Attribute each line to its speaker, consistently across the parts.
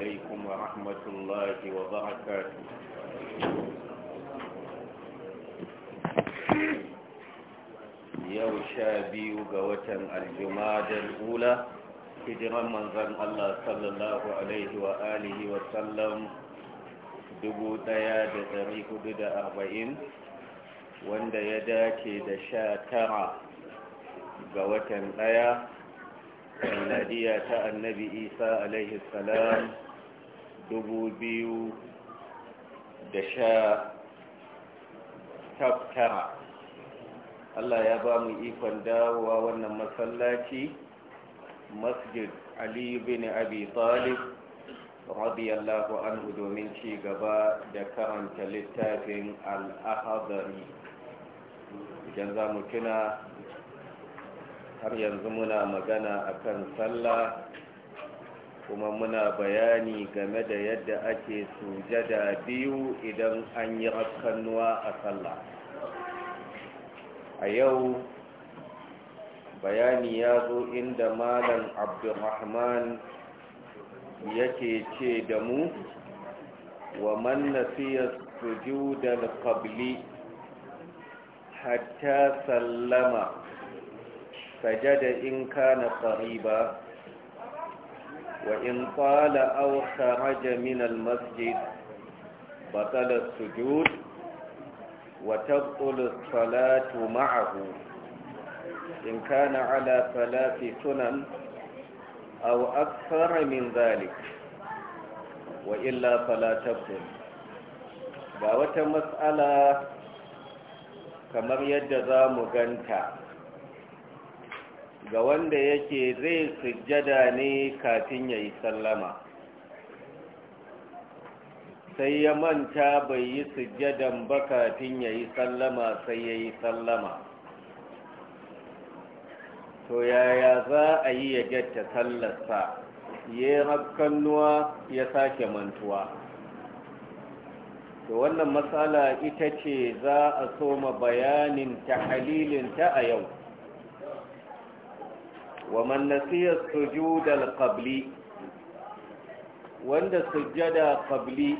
Speaker 1: عليكم ورحمة الله وبركاته yau sha biyu ga watan aljumadar hula hijiran manzan Allah sallallahu Alaihi wa alihi wa sallam arba'in, wanda ya dace da sha tara ga watan ɗaya, miladiya ta annabi isa alaihi salam dubu biyu da sha tara Allah ya ba mu ikon dawowa wannan masallaci masjid Ali bin Abi Talib radiyallahu anhu domin ci gaba da karanta littafin al idan za mu tuna har yanzu muna magana akan sallah kuma muna bayani game da yadda ake sujada biyu idan an yi rakkanuwa a sallah a yau bayani ya zo inda malam abdulrahman yake ce da mu wa man nasiya sujudal qabli hatta sallama sajada in kana qariba وإن قال أو خرج من المسجد بطل السجود وتبطل الصلاة معه إن كان على ثلاث سنن أو أكثر من ذلك وإلا فلا تبطل ga wata matsala kamar yadda za mu ganta ga wanda yake zai sujjada ne kafin ya yi sallama sai ya manta bai yi sujjadan ba kafin ya yi sallama sai ya yi sallama to yaya za a yi ya gyatta sallarsa ya hakkannuwa ya sake mantuwa to wannan matsala ita ce za a soma bayanin ta halilinta a yau ومن نسي السجود القبلي wanda sujjada qabli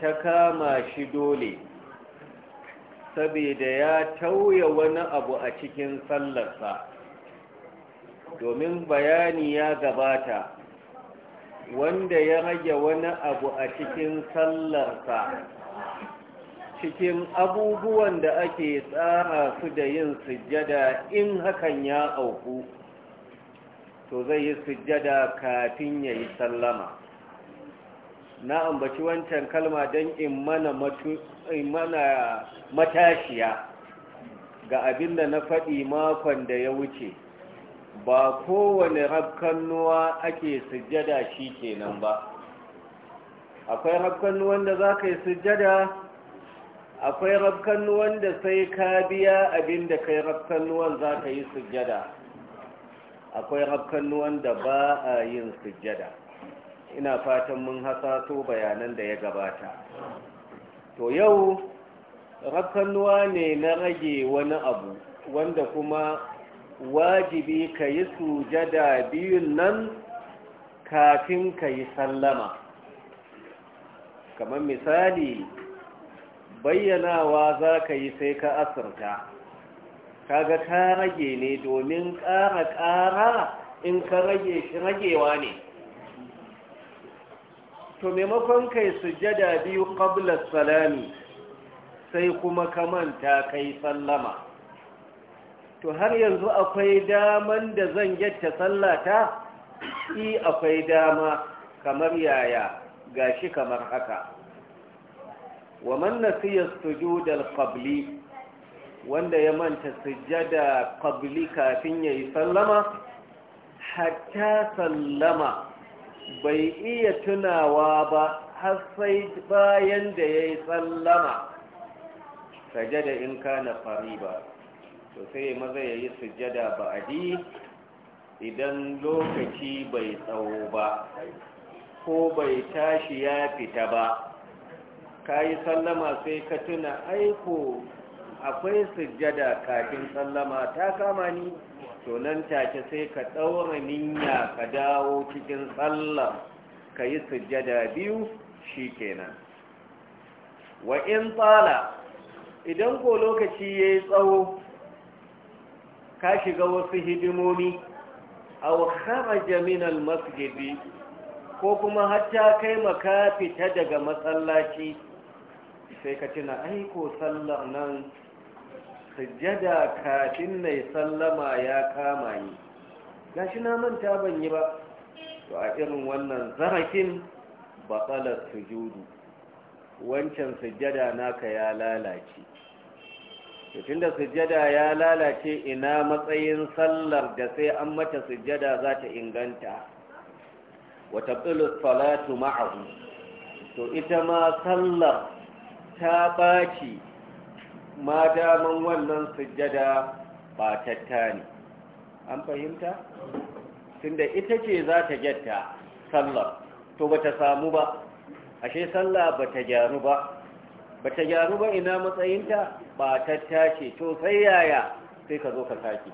Speaker 1: ta kama shi dole saboda ya tauye wani abu a cikin sallarsa domin bayani ya gabata wanda ya rage wani abu a cikin sallarsa cikin abubuwan da ake tsara su da yin sujjada in hakan ya auku to zai yi sujjada kafin ya yi sallama na ambaci wancan kalma don in mana matashiya ga abin da na faɗi makon da ya wuce ba kowane rabkannuwa ake sujjada shi kenan ba akwai rabkannuwan da za ka yi sujjada akwai rafkannuwan da sai ka biya abin da kai nuwan za ka yi sujjada akwai nuwan da ba a yin sujjada ina fatan mun hasaso bayanan da ya gabata to yau nuwa ne na rage wani abu wanda kuma wajibi ka yi sujjada biyun nan kafin ka yi sallama kamar misali bayyanawa za ka yi sai ka asirta ga ka rage ne domin ƙara ƙara in ka rage shi ragewa ne to maimakon kai sujada biyu ƙablar salami sai kuma ka manta kai sallama to har yanzu akwai daman da zan yadda sallata yi akwai dama kamar yaya ga shi kamar haka wa man nasiya sujud qabli wanda ya manta sujada qabli kafin yayi sallama hatta sallama bai iya tunawa ba har sai bayan da yayi sallama sajada in kana fariba to sai maza yi sujada ba'adi idan lokaci bai tsawo ba ko bai tashi ya fita ba ka yi sallama sai ka tuna aiko akwai sujjada kafin sallama ta kama ni to nan take sai ka ɗaura niyya ka dawo cikin sallah ka yi sujjada biyu shi kenan wa in tsala idan ko lokaci ya yi tsawo ka shiga wasu hidimomi a kharaja min al-masjidi ko kuma hatta kai maka fita daga masallaci sai ka tuna aiko sallar nan sujjada kafin mai sallama ya kama ni shi na manta ban yi ba to a irin wannan zarafin batsalar sujudu wancan sujjada naka ya lalace tutun da sujjada ya lalace ina matsayin sallar da sai an mata sujjada za ta inganta wata salatu ma'ahu to ita ma sallar ta ɓaci ma daman wannan sujjada ɓatatta ne an fahimta? tunda ita ce za ta gyatta sallar to ba ta samu ba ashe sallah ba ta gyaru ba ba ta gyaru ba ina matsayinta ba ta ce to sai yaya sai ka zo ka sake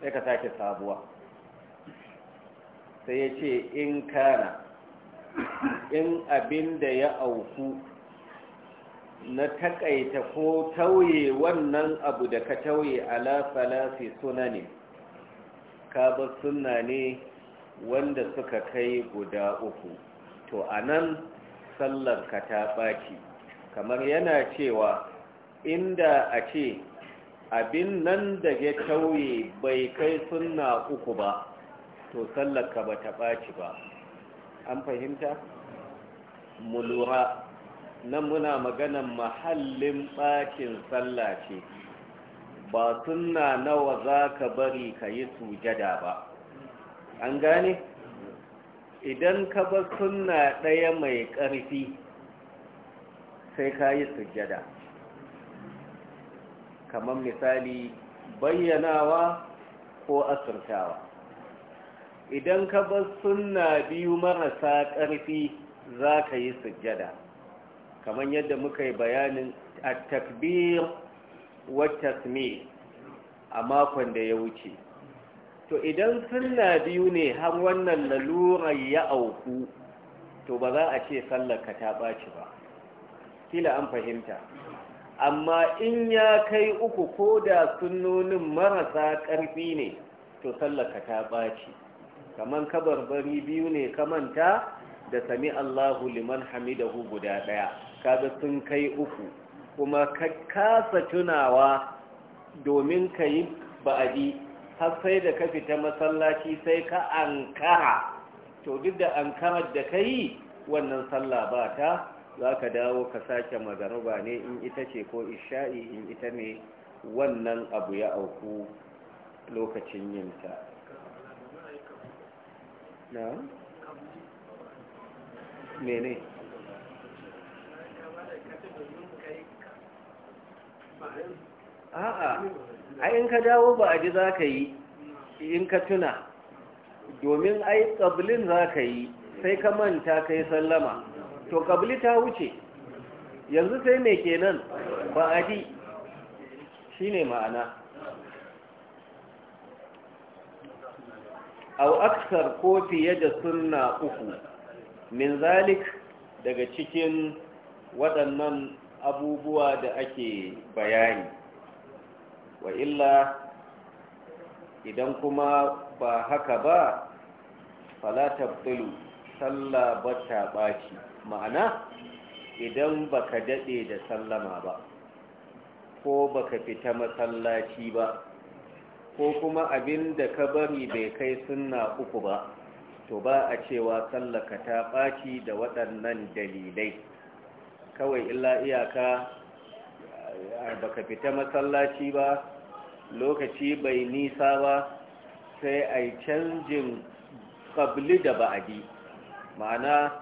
Speaker 1: sai ka sake sabuwa sai ya ce in kana in abin da ya auku na takaita ko tauye wannan abu da ka tauye ala suna ne, ka ba suna ne wanda suka kai guda uku to anan sallar ka ta ɓaci. kamar yana cewa inda a ce abin nan da ya tauye bai kai suna uku ba to sallar ka ba ta ɓaci ba an fahimta mulura nan muna maganan mahallin ɓakin sallah ce ba sunna nawa za ka bari ka yi sujada ba an gane idan ka bar sunna ɗaya mai ƙarfi sai ka yi sujada kamar misali bayyanawa ko asirtawa idan ka bar sunna biyu marasa ƙarfi za ka yi sujada kamar yadda muka yi bayanin a takbir wata sme a makon da ya wuce to idan suna biyu ne har wannan lalurar ya auku to ba za a ce sallaka ta ɓaci ba kila an fahimta amma in ya kai uku ko da sunonin marasa ƙarfi ne to sallaka ta ɓaci kabar kabarbari biyu ne kamanta da sami Allahu liman hamidahu guda ɗaya kaga sun kai uku kuma ka kasa tunawa domin ka yi ba'adi har sai da ka fita masallaci sai ka ankara to duk da ankarar da ka yi wannan sallah ba ta za ka dawo ka sake magaruba ne in ita ce ko isha'i in ita ne wannan abu ya auku lokacin yinta na? mene? a'a a in ka dawo ba a ji za ka yi in ka tuna domin ai ƙablin za ka yi sai ka manta ka yi sallama to ƙabli ta wuce yanzu sai mai kenan ba a ji shi ne ma'ana au aksar ko fiye da suna uku min zalik daga cikin waɗannan abubuwa da ake bayani wa illa idan kuma ba haka ba fala tabdulu sallah ba ta ɓaci ma'ana idan baka daɗe da sallama ba ko baka fita masallaci ba ko kuma abin da ka bari bai kai sunna uku ba to ba a cewa sallaka ta ɓaci da waɗannan dalilai kawai illa iyaka baka fita masallaci ba lokaci bai nisa ba sai a yi canjin ƙabli da ba'adi ma'ana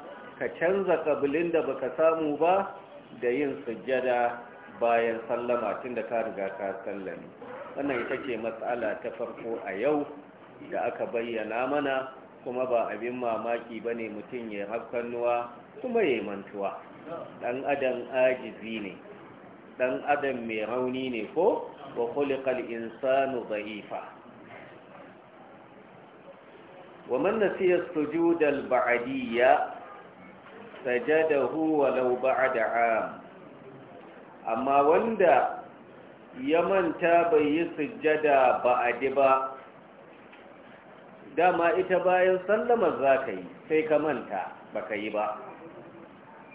Speaker 1: ka canza ƙablin da baka samu ba da yin sujjada bayan sallama tun da ka riga ka sallami wannan ita ce matsala ta farko a yau da aka bayyana mana kuma ba abin mamaki ba ne mutum ya hafkannuwa kuma ya mantuwa Ɗan adam ajizi ne ɗan adam mai rauni ne ko wa khuliqal insanu dha'ifa wa man nasiya as-sujud al sajadahu walau ba'da 'am amma wanda ya manta bai yi sujada ba'adi ba dama ita bayan sallama za ka yi sai ka manta baka yi ba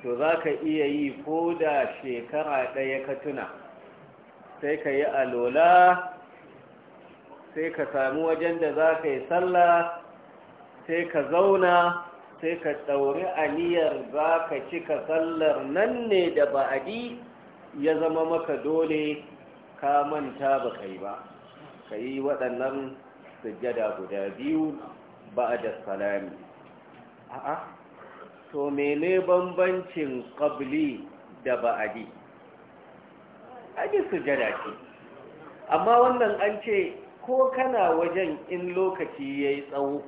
Speaker 1: to za ka iya yi ko da shekara ɗaya ka tuna sai ka yi alola sai ka sami wajen da za ka yi sallah sai ka zauna sai ka ɗauri aliyar. za ka cika sallar nan ne da ba'adi ya zama maka dole ka manta ba ka yi ba ka yi waɗannan sujjada guda biyu ba da salami a'a to mene bambancin qabli da ba'adi aji sujada ce amma wannan an ce ko kana wajen in lokaci yayi tsawo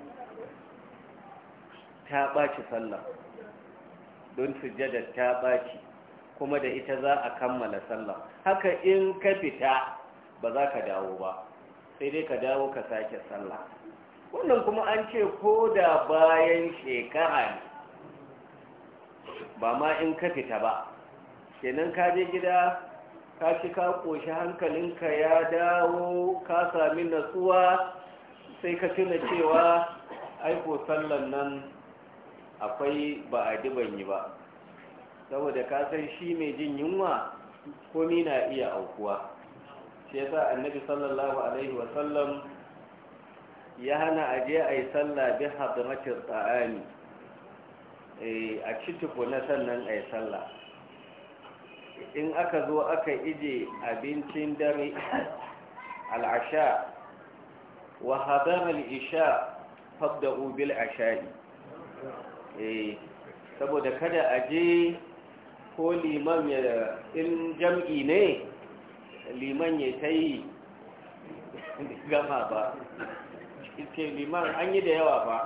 Speaker 1: ta ɓaci sallah don sujada ta ɓaci kuma da ita za a kammala sallah haka in ka fita ba za ka dawo ba sai dai ka dawo ka sake sallah wannan kuma an ce ko da bayan shekara ne ba ma in ka fita ba kenan ka je gida ka ci ka ƙoshi hankalinka ya dawo ka sami natsuwa sai ka tuna cewa aiko sallan nan akwai ba a diban yi ba saboda ka san shi mai jin yunwa komi na iya aukuwa shi yasa annabi sallallahu alaihi wasallam ya hana aje a yi sallah bi hadratir ta'ani Eh, a cikin na sannan a yi sallah in aka zo aka ije abincin dare al'asha wa hadar al'isha fabda ubil sha'i, eh, saboda kada a je ko liman ya in jam'i ne liman ya ta yi gama ba ce liman an yi da yawa ba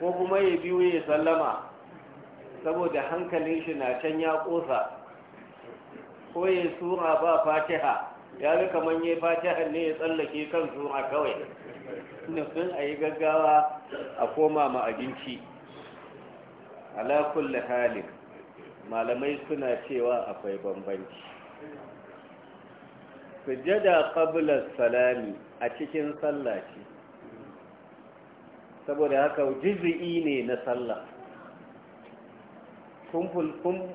Speaker 1: ko kuma ya biyu ya sallama saboda hankalin shi na can ya kosa ko ya sura ba fatiha ya ga kamar ya fatiha ne ya tsallake kan sura kawai nufin a yi gaggawa a koma ma abinci ala halin malamai suna cewa akwai bambanci sujjada qabla salami a cikin sallah saboda haka juz'i ne na sallah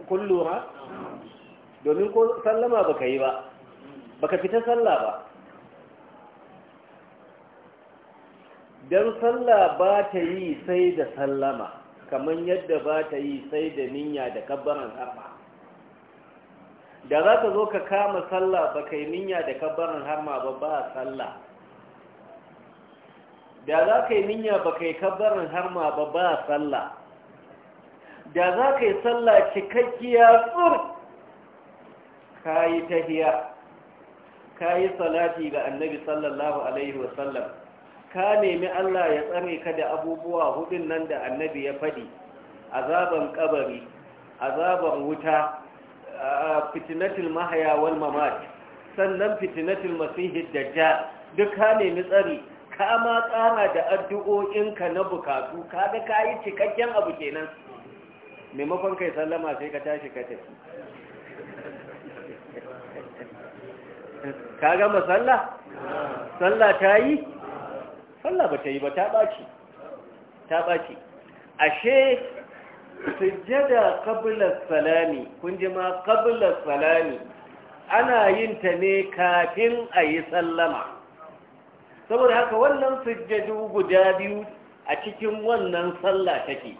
Speaker 1: kun lura domin ko sallama baka yi ba baka fita sallah ba don sallah ba ta yi sai da sallama kamar yadda ba ta yi sai da niyya da kabbaran harma da za ka zo ka kama sallah baka yi niyya da kabbaran harma ba ba sallah da za ka yi niyya ba ka yi har harma ba ba sallah da za ka yi sallah cikakkiya tsur ka yi tahiya ka yi salati ga annabi sallallahu alaihi wasallam ka nemi allah ya tsare ka da abubuwa hudun nan da annabi ya faɗi azaban kabari azaban wuta fitinatul mahaya wal mamat sannan fitinatul masihid dajjal duk ka nemi tsari ka ma kara da addu'o'inka na bukatu ka yi cikakken abu kenan maimakon kai sallama sai ka tashi ka tafi ka gama sallah sallah ta yi sallah ba ta yi ba ta ɓaci ta ɓaci ashe sujjada qabla salami kun ji ma salami ana yin ta ne kafin a yi sallama saboda haka wannan sujjadu guda biyu a cikin wannan sallah take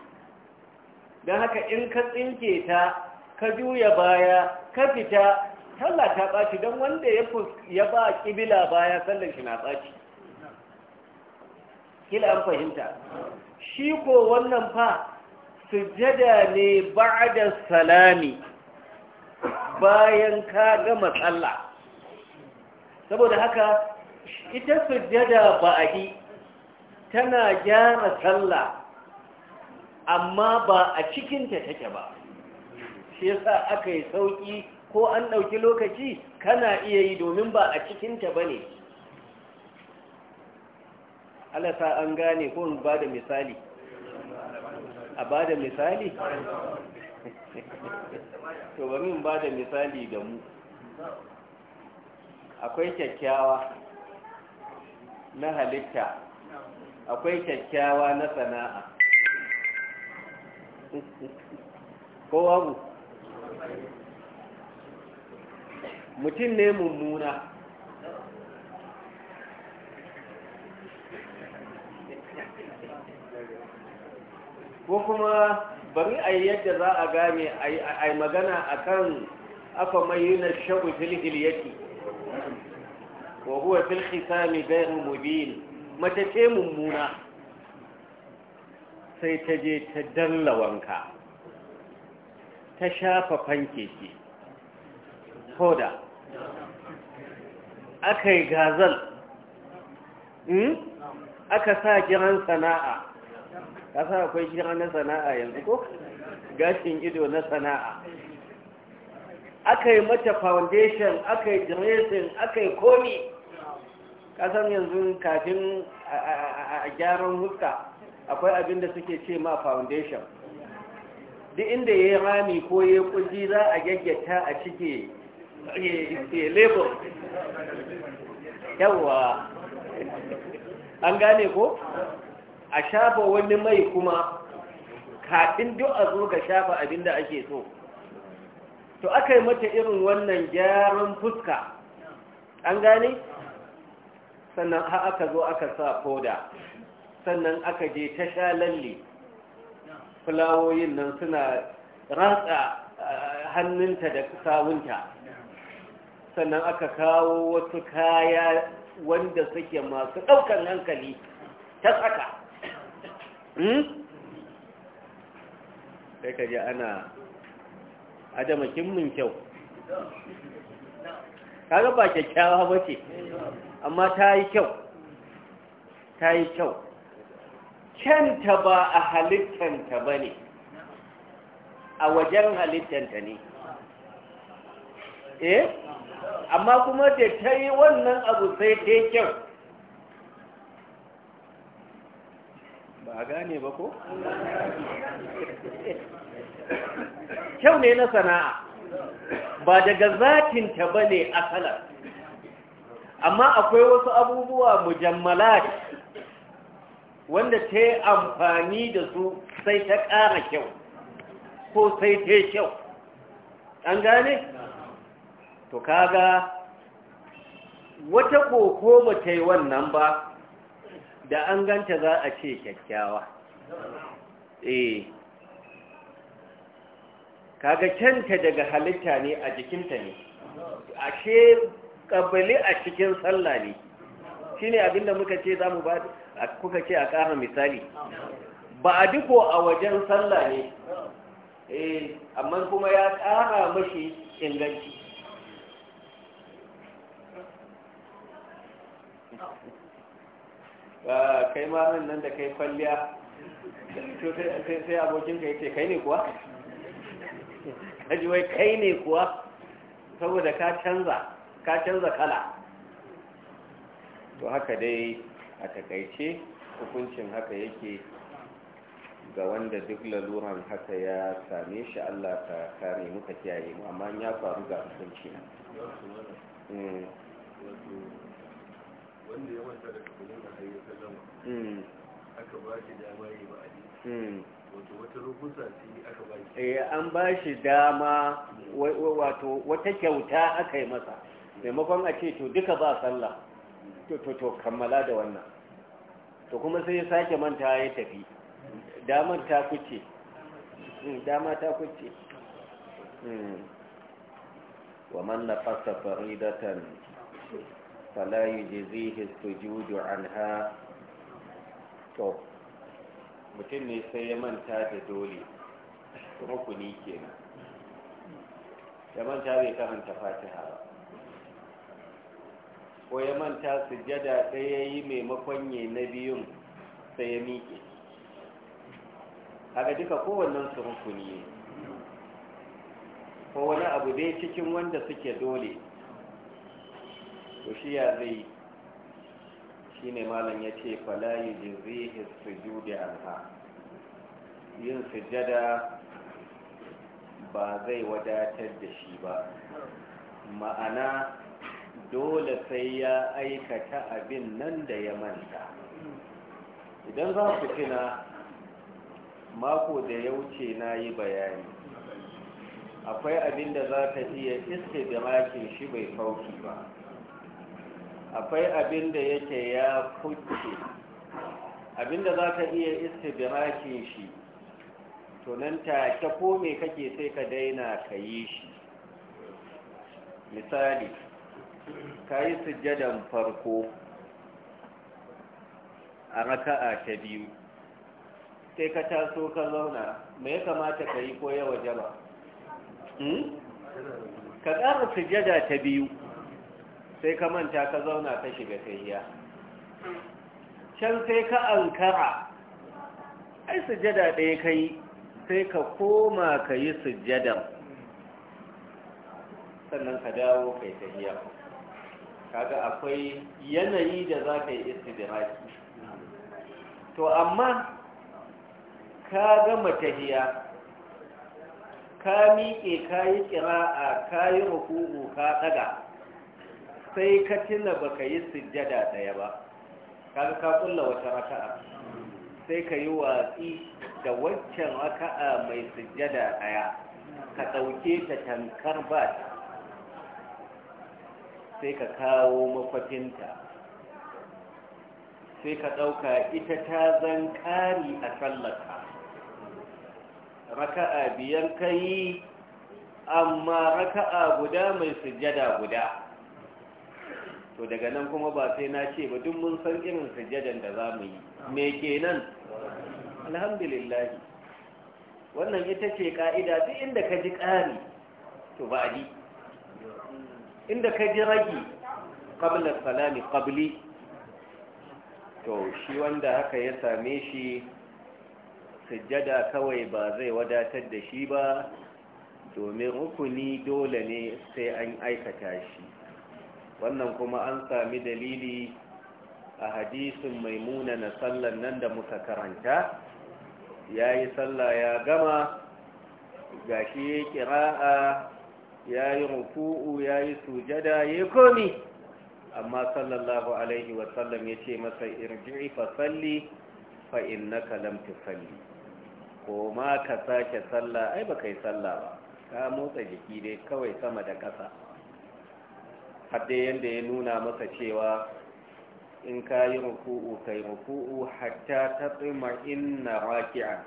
Speaker 1: don haka in ka tsinke ta ka juya baya ka fita sallah ta baci don wanda ya ba ƙibila baya sallan shi na baci kila an fahimta shi ko wannan fa sujjada ne ba'da salami bayan ka gama sallah saboda haka ita sujjada yi tana gyara sallah amma ba a cikinta take ba shi yasa aka yi sauƙi ko an ɗauki lokaci kana iya yi domin ba a cikinta ba ne alasa an gane ko ba da misali a ba da misali? to bari in ba da misali ga mu akwai kyakkyawa na halitta akwai kyakkyawa na sana'a ko abu mutum ne mummuna ko kuma bari a yi yadda za a gane a yi magana akan kan mai yi na shagun filhil wa huwa fil khisami ghayru mubin mace ce mummuna sai ta je ta dalla wanka ta shafa fanke ki hoda aka yi gazal hmm? aka sa kiran sana'a ka sa akwai kiran na sana'a yanzu ko gashin ido na sana'a aka yi mata foundation aka yi dressing aka yi komi kasan yanzu kafin a gyaran huska akwai abin da suke ce ma foundation duk inda ya yi rami ko ya kuji za a gaggata a cike ke eh, eh, label yawa an gane ko a shafa wani mai kuma kafin duk a zo ga shafa abin da ake so to aka yi mata irin wannan gyaran fuska an gane sannan har aka zo aka sa foda sannan aka je ta sha lalle fulawoyin nan suna ratsa eh, hannunta da sawunta sannan aka kawo wasu kaya wanda suke masu ɗaukar hankali ta tsaka hmm? sai ka ji ana adamakin mun kyau kaga ba kyakkyawa ba ce amma ta yi kyau ta yi kyau kyanta ba a halittanta ba ne a wajen halittanta ne eh amma kuma da ta yi wannan abu sai ta yi kyau ba a gane ba ko? kyau ne na sana'a ba daga zatinta ba ne asalar amma akwai wasu abubuwa mujammalat wanda ta yi amfani da su sai ta ƙara kyau ko sai ta kyau an gane? to kaga wata koko ba ta yi wannan ba da an ganta za a ce kyakkyawa eh kaga kyanta daga halitta ne a jikinta ne ashe kabali a cikin sallah ne shine abinda muka ce zamu ba kuka ce a ƙara misali ba a duko a wajen sallah ne eh amma kuma ya ƙara mashi inganci kai ma nan da kai kwalliya sai abokinka ka kai ne kuwa kaji wai kai ne kuwa saboda ka canza ka canza kala to haka dai a takaice hukuncin haka yake ga wanda duk laluran haka ya same shi Allah ta kare muka kiyaye mu amma ya faru ga hukunci na mm. mm.
Speaker 2: wanda ya wanta da kabilun
Speaker 1: da hayyar sallama mm. aka ba shi dama yi ba'adi Eh, an ba shi dama wato wata kyauta aka yi masa maimakon a ce to duka ba sallah to to kammala da wannan to kuma sai ya sake manta ya tafi damar ta kuce hmm, dama ta kuce hmm. wa man nafasa faridatan fala yujizihi sujudu anha to mutum ne sai ya manta da dole rukuni nan ya manta bai karanta fatiha ba ko ya manta sujada ɗaya ya yi maimakon ya na biyun sai ya miƙe haka duka kowannen su rukuni ne ko wani abu dai cikin wanda suke dole to shi ya zai shi ne malam ya ce falayi jirzihi sujudi alha yin sujjada ba zai wadatar da shi ba ma'ana dole sai ya aikata abin nan da ya manta idan za ku tuna mako da ya wuce na yi bayani akwai abin da za ka iya iske da makin shi bai sauki ba akwai abin da yake ya kuce abin da za ka iya iske da makin shi to nan ta ko me kake sai ka daina ka yi shi misali ka yi sujjadan farko a raka'a ta biyu sai ka taso ka zauna me ya kamata ka yi ko yawa jama hmm? ka ƙara sujjada ta biyu sai ka manta ka zauna ka shiga tahiya can sai ka ankara ai sujjada ɗaya ka yi sai ka koma ka yi sujjadan sannan ka dawo kai tahiya kaga akwai yanayi da za ka yi istidraki to amma ka gama tahiya ka miƙe ka yi ƙira'a ka yi ruku'u ka daga sai ka tuna ba ka yi sujjada daya ba kaga ka kulla wata raka'a sai ka yi watsi da waccan raka'a mai sujjada ɗaya ka ɗauke ta tankar ba sai ka kawo mafafinta sai ka ɗauka ita ta zan kari a sallaka, raka'a biyar ka yi amma raka'a guda mai sujjada guda to daga nan kuma ba sai na ce ba duk mun san irin sujjadan da za mu yi me kenan alhamdulillah wannan ita ce ka'ida duk inda ka ji ƙari to ba ji inda ka ji ragi qabla salami qabli to shi wanda haka ya same shi sujjada kawai ba zai wadatar da shi ba domin rukuni dole ne sai an aikata shi wannan kuma an sami dalili a hadisin maimuna na sallan nan da muka karanta ya yi sallah ya gama ga shi ya yi ya yi ruku'u ya yi sujada ya yi komi amma sallallahu alaihi wasallam ya ce masa irji'i fa salli fa innaka lam salli ko ma ka sake sallah ai baka yi sallah ba ka motsa jiki dai kawai sama da ƙasa hadde yadda ya nuna masa cewa in ka yi ruku'u kai ruku'u hatta ta tsima inna raki'a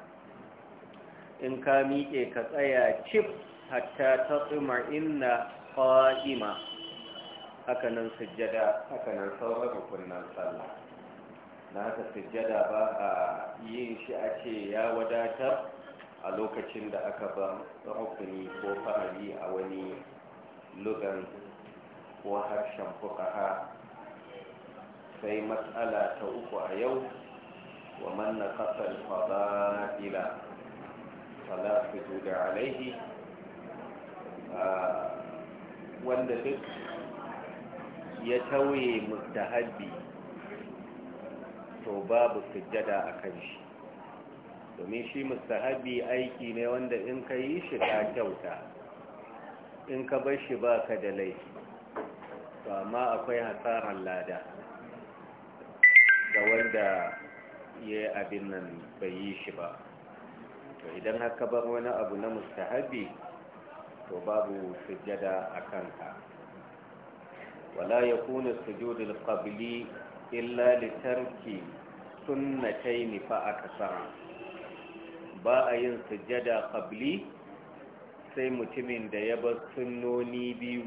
Speaker 1: in ka miƙe ka tsaya cif hatta ta tsima inna ƙa'ima hakanan sujjada hakanan sauran rukunan sallah na haka sujjada ba a yin shi a ce ya wadatar a lokacin da aka ba rukuni ko fahari a wani lugan ko harshen fukaha sai matsala ta uku a yau wa manna kasar fada ila falafi da alaihi wanda duk ya tauye habi to babu sujjada a kan shi domin shi mustahabbi aiki ne wanda in ka yi shi ka kyauta in ka bar shi ba ka da laifi to amma akwai hasarar lada ga wanda ya yi abin nan bai yi shi ba to idan haka bar wani abu na mustahabi to babu sujada a kanka wala ya kuna sujudin qabli illa litarki sunnatayn fa kasa ba a yin sujada qabli sai mutumin da ya bar sunnoni biyu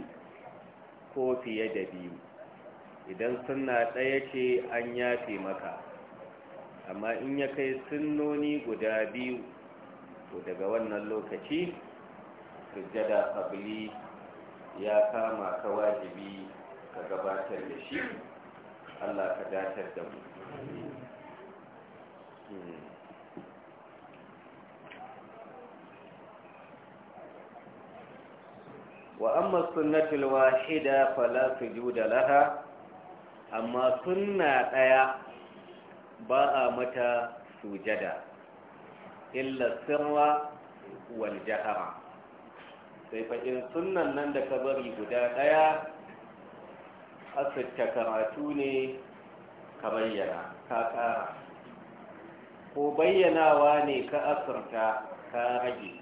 Speaker 1: ko fiye da biyu idan sunna ɗaya ce an yafe maka amma in ya kai sunnoni guda biyu to daga wannan lokaci sujjada abili ya kama ka wajibi ka gabatar da shi Allah ka datar da mu hmm. wa amma sunnatul wahida fala sujuda laha amma sunna ɗaya ba a mata sujada illa sirra wal jahara sai fa'in sunnan nan da ka bari guda ɗaya asirta karatu ne ka bayyana ka ƙara ko bayyanawa ne ka asirta ka rage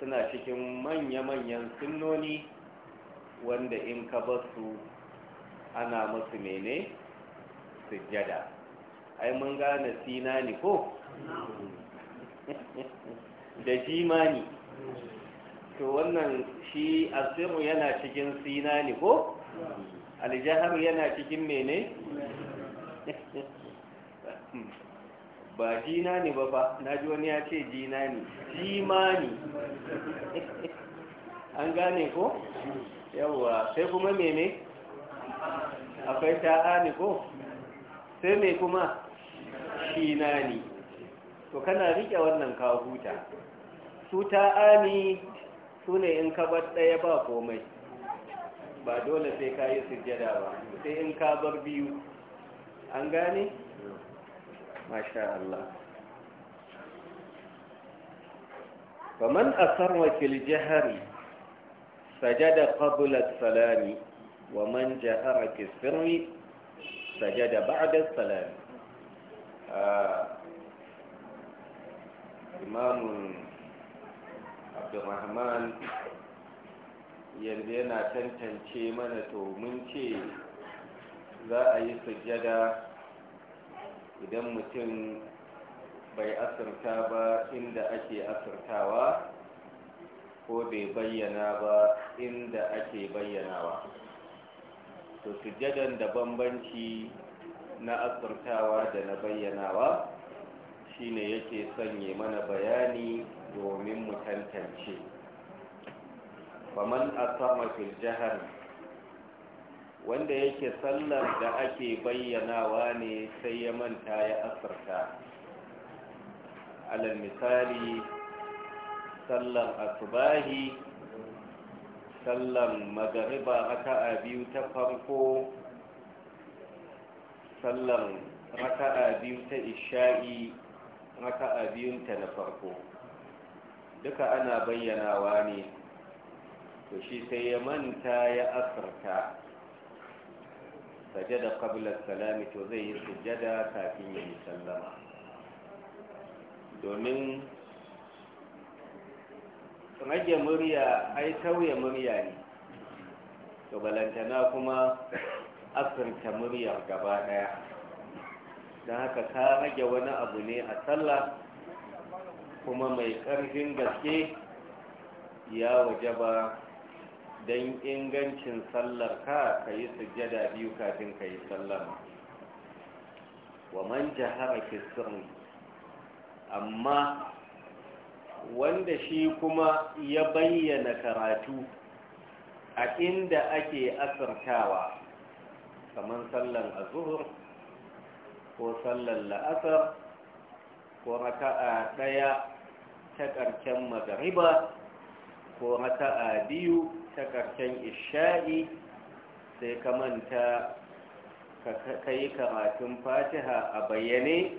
Speaker 1: suna cikin manya-manyan sunnoni wanda in ka basu ana masu mene sujjada ai mun gane ne ko da jimani to wannan shi asiru yana cikin ne ko aljahar yana cikin mene ba jina ne ba ba na ji wani ya ce jina ne jimani
Speaker 2: an
Speaker 1: gane ko yawwa sai kuma mene akwai ta'ani ko sai mai kuma shi na ne. to kana rike wannan ka huta su ta'ani su ne in ka bar ɗaya ba komai ba dole sai ka yi sujjada ba sai in ka biyu an gane? masha Allah ba man asarwa fil jihari sajada qabla salami wa man jahara fi sirri sajada ba'da salam imam abdurrahman yanzu yana tantance mana to mun ce za a yi sujjada idan mutum bai asirta ba inda ake asirtawa ko bai bayyana ba inda ake bayyanawa to da bambanci na asirtawa da na bayyanawa shine yake sanye mana bayani domin mu tantance man a sama jihar. wanda yake sallar da ake bayyanawa ne sai ya manta ya asirta alal misali sallar asubahi sallan magariba raka'a biyu ta farko sallan raka'a biyu ta isha'i raka'a ta na farko duka ana bayyanawa ne to shi sai ya manta ya asirta sajada qabla salami to zai yi sujada kafin ya yi sallama domin rage murya ai tauye murya ne to balantana kuma asirta murya gaba daya don haka ka rage wani abu ne a sallah kuma mai ƙarfin gaske ya wajaba don ingancin sallar ka ka yi sujjada biyu kafin ka yi sallar wa man jahara fi sirri amma wanda shi kuma ya bayyana karatu a inda ake asartawa kamar sallan azuhur ko sallan la'asar ko raka'a ɗaya ta ƙarken magariba ko raka'a biyu ta ƙarken isha'i sai ka manta ka yi karatun fatiha a bayyane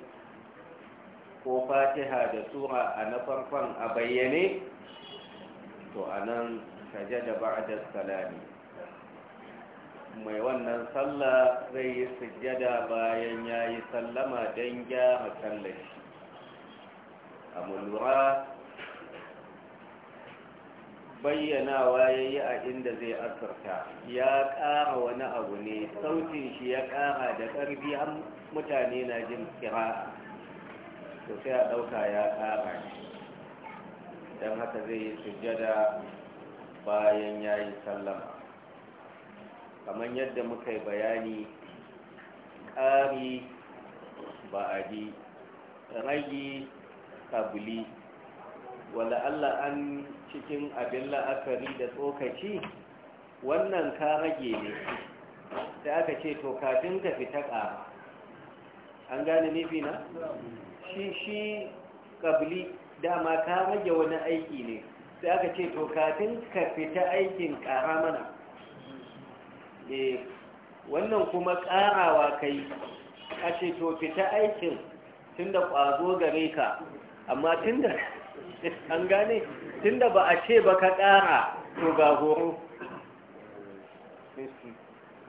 Speaker 1: ko fatiha da sura a na farkon a bayyane to a nan sajada ba'da salami mai wannan sallah zai yi sujjada bayan ya yi sallama don gyara sallashi a mulura bayyanawa ya yi a inda zai asirta ya ƙara wani abu ne sautin shi ya ƙara da ƙarfi mutane na jin kira to sai a ɗauka ya ƙara don haka zai yi sujjada bayan ya yi sallama kamar yadda muka yi bayani ƙari ba a bi ragi kabuli wala Allah an cikin abin la'akari da tsokaci wannan ka rage ne sai aka ce to kafin ka fita ƙara an gane nufi na? shi shi da dama ka rage wani aiki ne sai aka ce to kafin ka fita aikin ƙara mana eh, wannan kuma ƙarawa kai a ce to fita aikin tun da ƙwazo gare ka amma tun da an gane tun da ba a ce ba ka ƙara to ga horo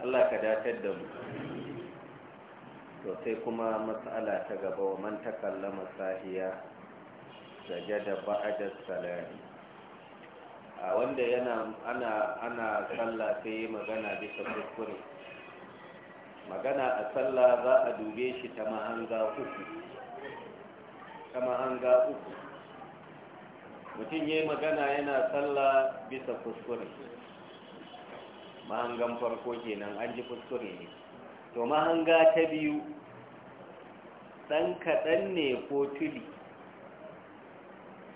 Speaker 1: Allah ka datar da mu to sai kuma matsala ta gaba wa man takallama sahiya da ba'da salami a wanda yana ana ana sallah sai magana bisa kuskure magana a sallah za a dube shi ta mahanga uku ta mahanga uku mutum ya yi magana yana sallah bisa kuskure mahangan farko kenan an ji kuskure ne to mahanga ta biyu ɗan kaɗan ne ko tuli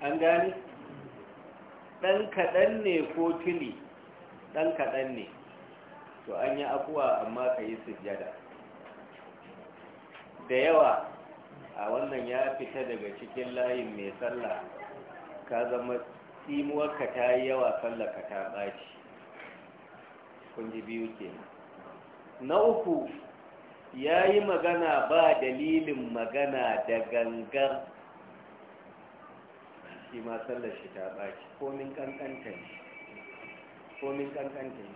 Speaker 1: an gani ɗan kaɗan ne ko tuli ɗan kaɗan ne to an yi afuwa amma ka yi sujjada da yawa a wannan ya fita daga cikin layin mai sallah ka zama tsimuwarka ta yi yawa sallaka ta ɓaci kun ji biyu ke na uku ya yi magana ba dalilin magana da gangar shi ma sallar shi ta ɓaci komin ƙanƙantar shi komin shi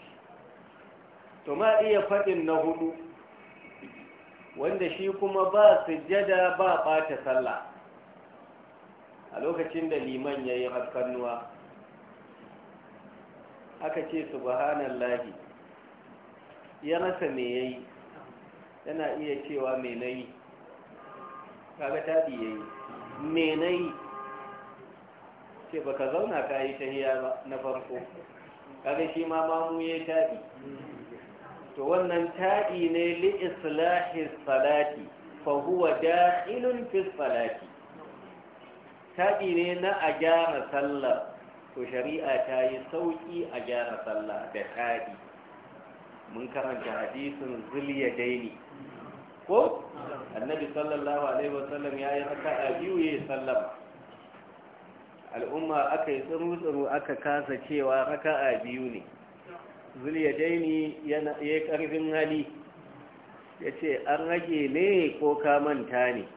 Speaker 1: to ma iya faɗin na hudu wanda shi kuma ba sujjada ba ɓata sallah a lokacin da liman ya yi haskannuwa aka ce subhanallahi ya rasa me ya yi tana iya cewa menai kaga taɗi ya yi ce ba zauna ka yi tahiya ba na farko kaga shi ma mamu ya taɗi to wannan taɗi ne li islahi salati fa huwa da'ilun fi salati taɗi ne na a gyara sallah, to shari'a ta yi sauƙi a gyara sallah da taɗi mun karanta hadisin zuliya daini ko annabi sallallahu alaihi wasallam ya yi haka a biyu ya sallama al'umma aka yi tsuru-tsuru aka kasa cewa haka a biyu
Speaker 2: ne
Speaker 1: daini ya yi ƙarfin hali ya ce an rage ne ko ka manta ne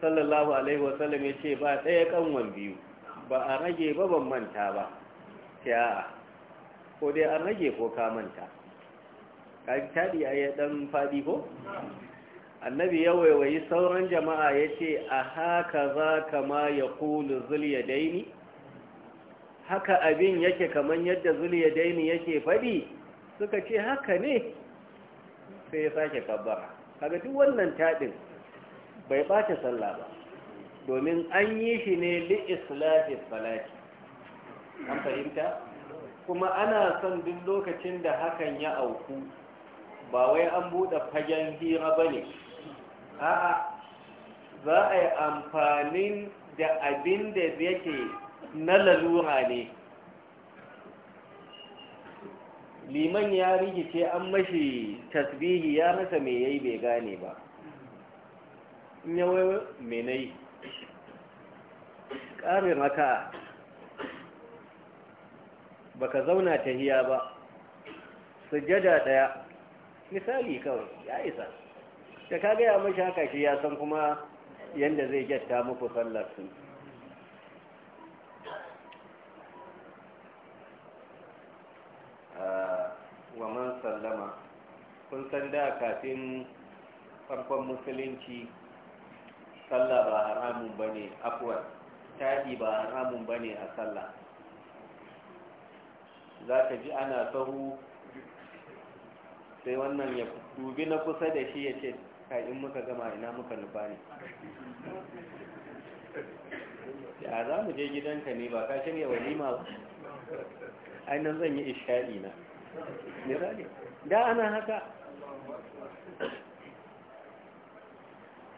Speaker 1: sallallahu alaihi wasallam ya ce ba ɗaya ƙanwan biyu ba a rage ba ban manta ba ta ko dai an rage ko ka manta kadi ya yi dan faɗi ko annabi ya waiwayi sauran jama'a ya ce a haka za kama ya kulu zuliya daini haka abin yake kamar yadda zuliya daini yake faɗi? suka ce haka ne sai ya sake kabbara haka duk wannan taɗin bai ɓata sallah ba domin an yi shi ne li'islafis falaki
Speaker 2: an fahimta
Speaker 1: kuma ana son duk lokacin da hakan ya auku ba wai an buɗe fagen hira ba ne a'a za a yi amfanin da abin da yake na lalura ne liman ya rigice an mashi tasbihi ya rasa me yayi bai gane ba yawai mai na yi ƙarin haka baka zauna ta hiya ba Sujada ɗaya misali kawai ya isa da ka gaya mashi haka shi ya san kuma yadda zai gyatta muku sallar su ah, wa man sallama kun san da kafin farkon musulunci sallah ba haramun ba ne taɗi ba haramun bane a sallah za ka ji ana sahu sai wannan ya dubi na kusa da shi ya ce in muka gama ina muka nufa ne
Speaker 2: ya za mu je gidanka ne ba ka shirya walima ba
Speaker 1: ainihin zan yi ishaɗi na
Speaker 2: da ana haka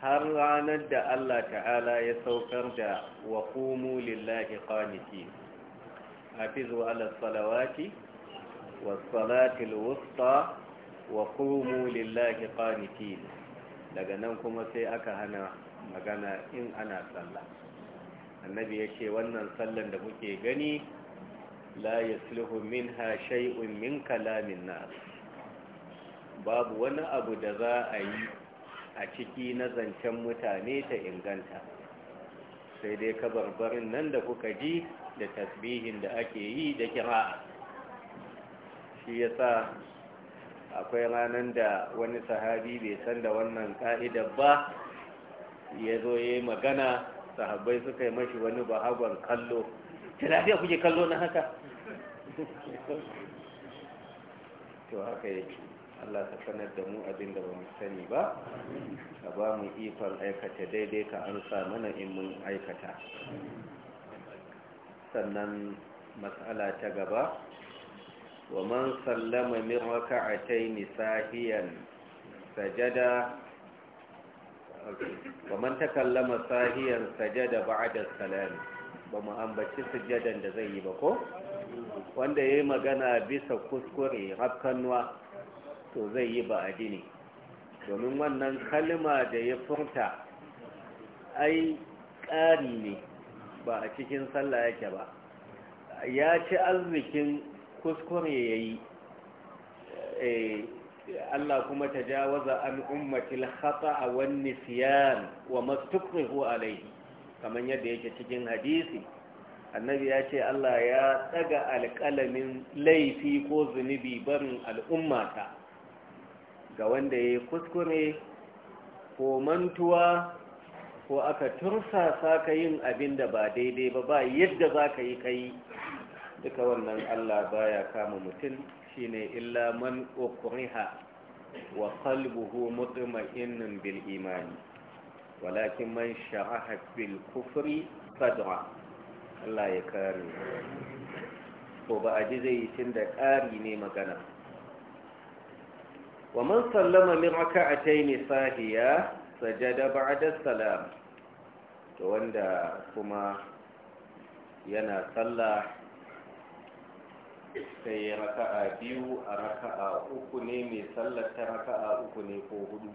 Speaker 1: har ranar da Allah ta'ala ya saukar da wa kumu lillahi qaniti hafizu ala salawati wa Salatul wusta wa qumu lillahi qanitin daga nan kuma sai aka hana magana in ana sallah annabi ya wannan sallan da muke gani la yasluhu minha shay'un min kalamin nas babu wani abu da za a yi a ciki na zancen mutane ta inganta sai dai kabarbarin nan da kuka ji da tasbihin da ake yi da kira shi yasa akwai ranar da wani sahabi bai san da wannan ka'ida ba ya zo ya yi magana sahabbai suka yi mashi wani bahagon kallo ta lafiya kuke kallo na haka to haka ya ce. Allah ka sanar da mu abin da ba mu sani ba ka ba mu ikon aikata daidai ka an sa mana in mun aikata sannan matsala ta gaba ومن سلم من ركعتين ساهيا سجد ومن تكلم ساهيا سجد بعد السلام da zai yi ba ko? wanda ya yi magana bisa kuskure hafkanwa to zai yi ba ne domin wannan kalima da ya furta ai ƙari ne ba a cikin sallah yake ba ya ci arzikin kuskure ya yi eh, Allah kuma ta jawaza an ummatil a wani siyan wa mastukrihu alaihi kamar yadda yake cikin hadisi annabi ya ce Allah ya daga alƙalamin laifi ko zunubi barin al'ummata ga wanda ya yi kuskure ko mantuwa ko aka sa ka yin abin da ba daidai ba ba yadda za ka yi ka duka wannan Allah baya kama mutum shine illa man ukriha wa qalbuhu mutma'innun bil imani walakin man sharaha bil kufri sadra Allah ya kare ko ba a ji zai yi tunda ƙari ne magana wa man sallama min raka'atayn sahiya sajada ba'da salam to wanda kuma yana sallah sai ya raka'a biyu a raka'a uku ne mai sallar ta raka'a uku ne ko hudu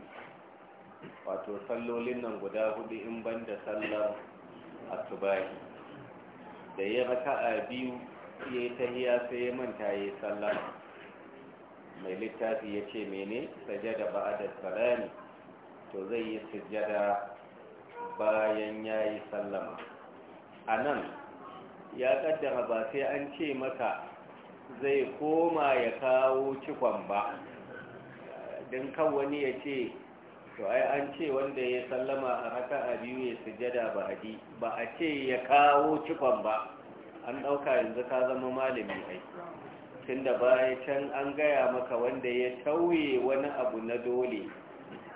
Speaker 1: wato sallolin nan guda hudu in ban da sallar asubahi da ya raka'a biyu ya yi tahiya sai ya manta ya yi sallar mai littafi ya ce mene sajada ba a da salami to zai yi sujada bayan ya yi sallama a nan ya kaddara ba sai an ce maka zai koma ya kawo cikon ba don kan wani ya ce to ai an ce wanda ya sallama a haka a biyu ya sujada ba a ba a ce ya kawo cikon ba an ɗauka yanzu ka zama malami ai tun da baya can an gaya maka wanda ya tauye wani abu na dole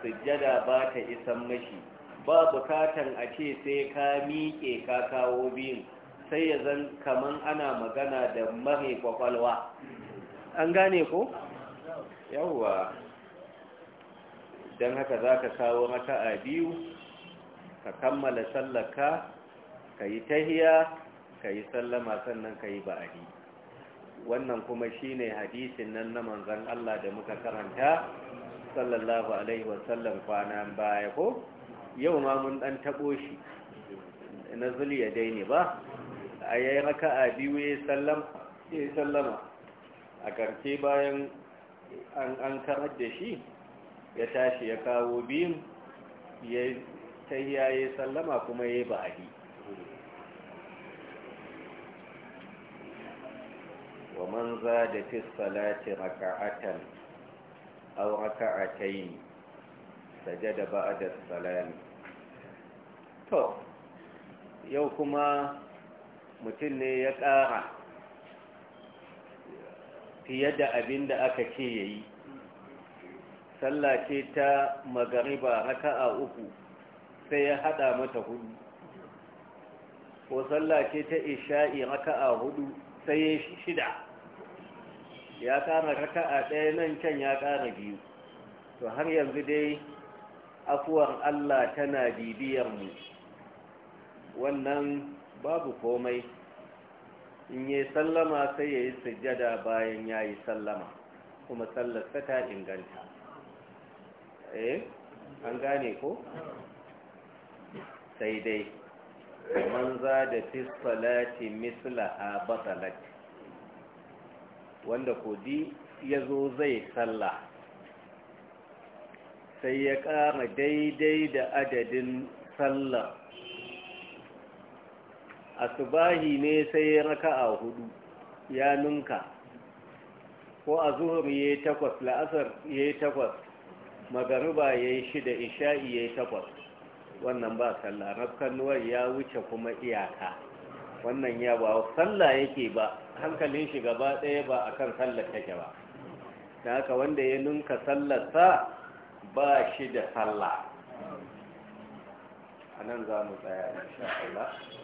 Speaker 1: sujada ba ta isan mashi ba bukatan a ce sai ka miƙe ka kawo biyun sai ya zan kaman ana magana da mahe kwakwalwa an gane ko? yawwa don haka za ka kawo a biyu ka kammala sallaka ka yi tahiya ka yi sallama sannan ka yi ba'adi wannan kuma shi ne hadisin nan na manzan Allah da muka karanta sallallahu alaihi wasallam kwana baya ko yau ma mun dan tabo shi na zuliya dai ne ba a yayi raka a biyu ya yi sallama a karshe bayan an karar da shi ya tashi ya kawo biyun ya ta yi sallama kuma ya yi ba'adi wa man za da fi salati raka'atan aw raka'atayn sajada ba'da as-salam to yau kuma mutum ne ya ƙara fiye da abin da aka ke ya yi sallace ta magariba a uku sai ya haɗa mata hudu ko sallace ta isha'i a hudu sai ya shida ya ƙara a ɗaya nan can ya ƙara biyu to har yanzu dai afuwar Allah tana bibiyar mu wannan babu komai in yi sallama sai ya yi sujjada bayan ya yi sallama kuma sallar ta inganta eh an gane ko sai dai man za da fiskalati misla a batalat wanda kodi ya zo zai salla sai ya kama daidai da adadin sallar asubahi ne sai raka'a hudu ya ninka ko a zuhur ya yi takwas la'asar ya yi takwas magaruba ya yi shida isha'i ya takwas wannan ba sallah rafkanuwar ya wuce kuma iyaka wannan ya ba sallah yake ba hankalin shi gaba ɗaya ba a kan sallar take ba da haka wanda ya ninka sa ba shi da sallah a nan za mu tsaya insha Allah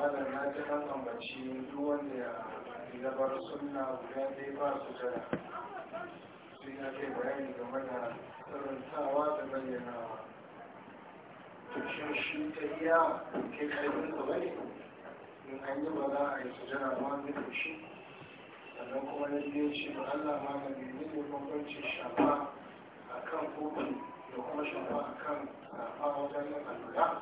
Speaker 2: malam na ta an ambaci duk wanda ya gabar sunna guda ɗaya ba su jira sai ya kai bayani game da tsarantawa da bayyanawa tushen shi ta iya kai ƙarfin da bane in an yi ba za a yi su jira ma mai tushe sannan kuma na biyu ce ba Allah ma ga mene ne bambanci shafa a kan kofi da kuma shafa a kan a wajen yin alula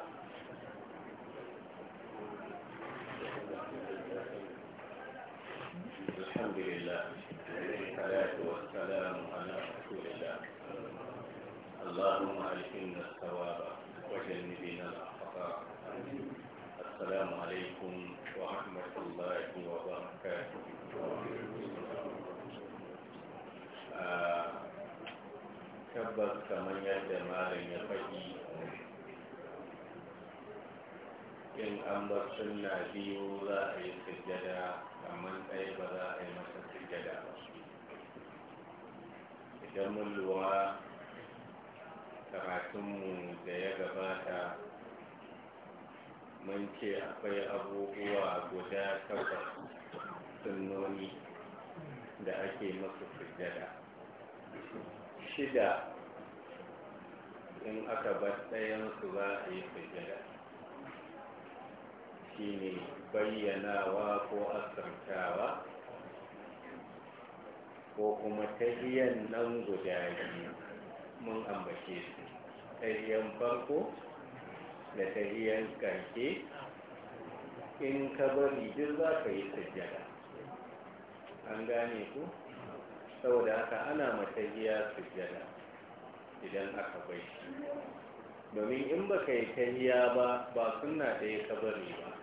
Speaker 2: الحمد لله والصلاة والسلام على رسول الله اللهم ألهمنا الثواب وجنبنا الأخطاء السلام عليكم ورحمة الله
Speaker 1: وبركاته tabbas kamar yadda malam ya faɗi in an bar sunna biyu za a yi sujjada kamar ɗaya ba za a yi masa sujjada ba idan mun lura karatunmu da ya gabata mun ce akwai abubuwa guda takwas sunnoni da ake masa sujjada shida in aka bar ɗayansu za a yi shine bayyanawa ko asirtawa ko kuma tahiyan nan guda biyu mun ambace su tahiyan farko da tahiyan karshe in ka bari duk za ka yi sajjada an gane ku saboda haka ana matahiya sujjada idan aka bai shi domin in ba ka yi tahiya ba ba suna ɗaya ka bari ba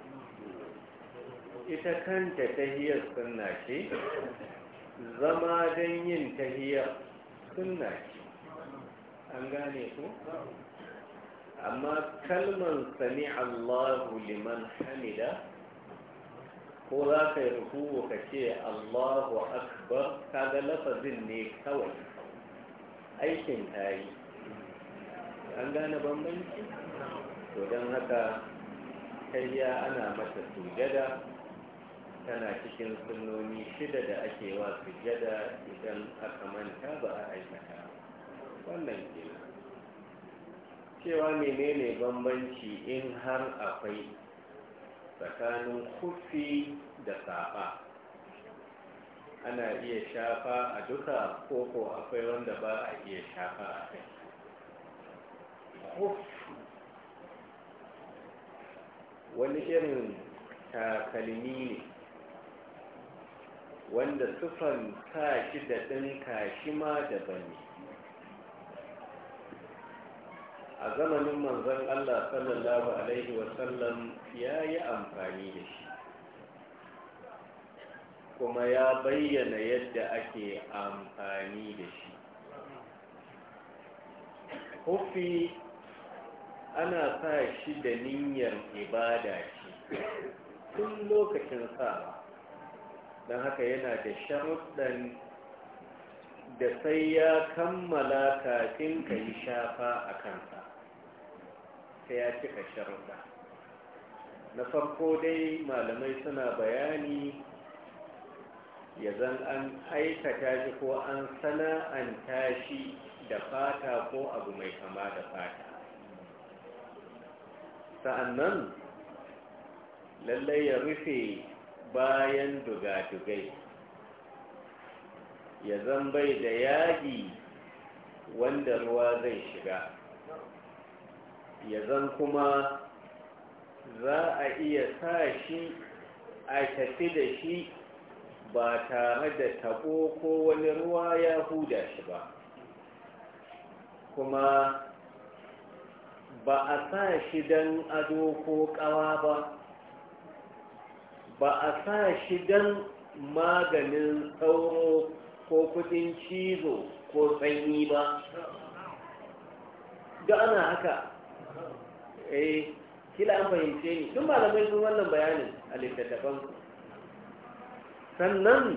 Speaker 1: ita kanta tahiyar sunna ce zama don yin tahiyar sunna ce an gane ku amma kalman sami allahu liman hamida ko za ka yi rukuku ka ce allahu akbar kaga lafazin ne kawai aikin ta an gane bambanci to don haka kariya ana mata sujada tana cikin sunnoni shida da ake wa sujjada idan aka manta ba a aikata wannan kenan cewa menene bambanci in har akwai tsakanin kufi da safa ana iya shafa a duka koko akwai wanda ba a iya shafa a kai wani irin takalmi ne wanda sufan ta shi da ɗin kashi ma da bane a zamanin manzan allah sallallahu alaihi wasallam ya yi amfani da shi kuma ya bayyana yadda ake amfani da shi hufi ana sa shi da niyyar ibada ce tun lokacin sawa don haka yana da sharuɗan da sai ya kammala kafin ka yi shafa a kansa sai ya cika sharuɗa na farko dai malamai suna bayani ya zan an aikata shi ko an sana'anta shi da fata ko abu mai kama da fata sa'annan lallai ya rufe bayan dugadugai ya zambai da yadi wanda ruwa zai shiga ya zan kuma za a iya sa shi a tafi da shi ba tare da tabo ko wani ruwa ya huda shi ba kuma ba a sa shi don ado ko kawa ba ba a sa shi don maganin sauro ko kudin cizo ko sanyi ba ga ana haka eh kila an fahimce ni tun malamai sun wannan bayanin a littattafan sannan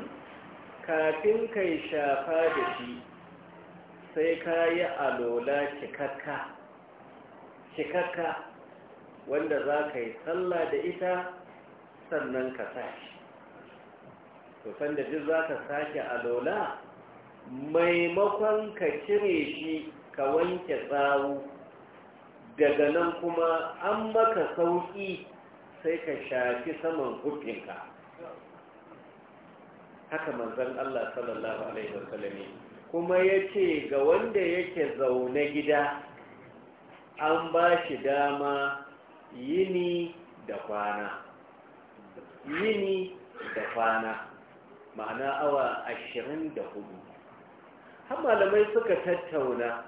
Speaker 1: kafin kai shafa da shi sai ka yi alola cikakka cikakka wanda za ka yi sallah da ita sannan ka sake to sanda duk za ka sake lola maimakon ka cire shi ka wanke tsawo daga nan kuma an maka sauƙi sai ka shafi saman hufinka haka manzan Allah sallallahu Alaihi wasallam kuma ya ce ga wanda yake zaune gida an ba shi dama yini da kwana yini da kwana ma'ana awa ashirin da hudu har malamai suka tattauna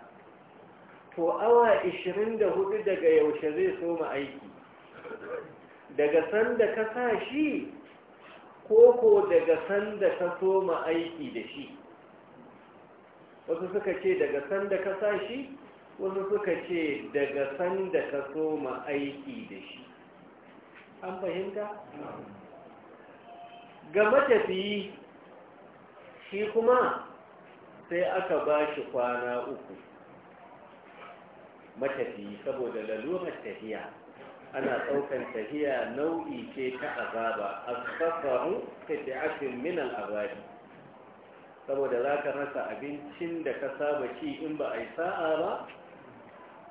Speaker 1: to awa ashirin da hudu daga yaushe zai soma aiki daga sanda ka sa shi koko daga sanda ka soma aiki da shi wasu suka ce daga sanda ka sa shi wasu suka ce daga sanda ka soma aiki da shi an fahimta? ga matafiyi shi kuma sai aka ba shi kwana uku matafiyi saboda lalurar tafiya ana ɗaukan tafiya nau'i ce ta azaba a asafaru ashirin min azabi saboda za ka rasa abincin da ka saba ci in ba a yi sa'a ba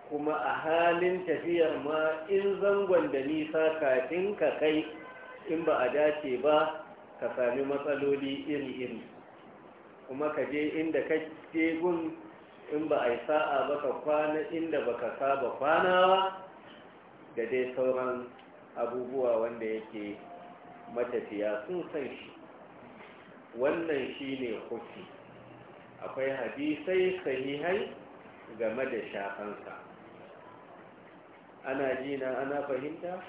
Speaker 1: kuma a halin tafiyar ma in zangon da nisa kafin ka kai in ba a dace ba ka sami matsaloli iri-iri kuma ka je inda ka je gun in ba a yi sa'a ba ka kwana inda ba ka saba kwanawa da dai sauran abubuwa wanda yake matafiya sun san shi wannan shi ne hufi akwai hadisai sahihai game da shafansa ana jina ana fahimta?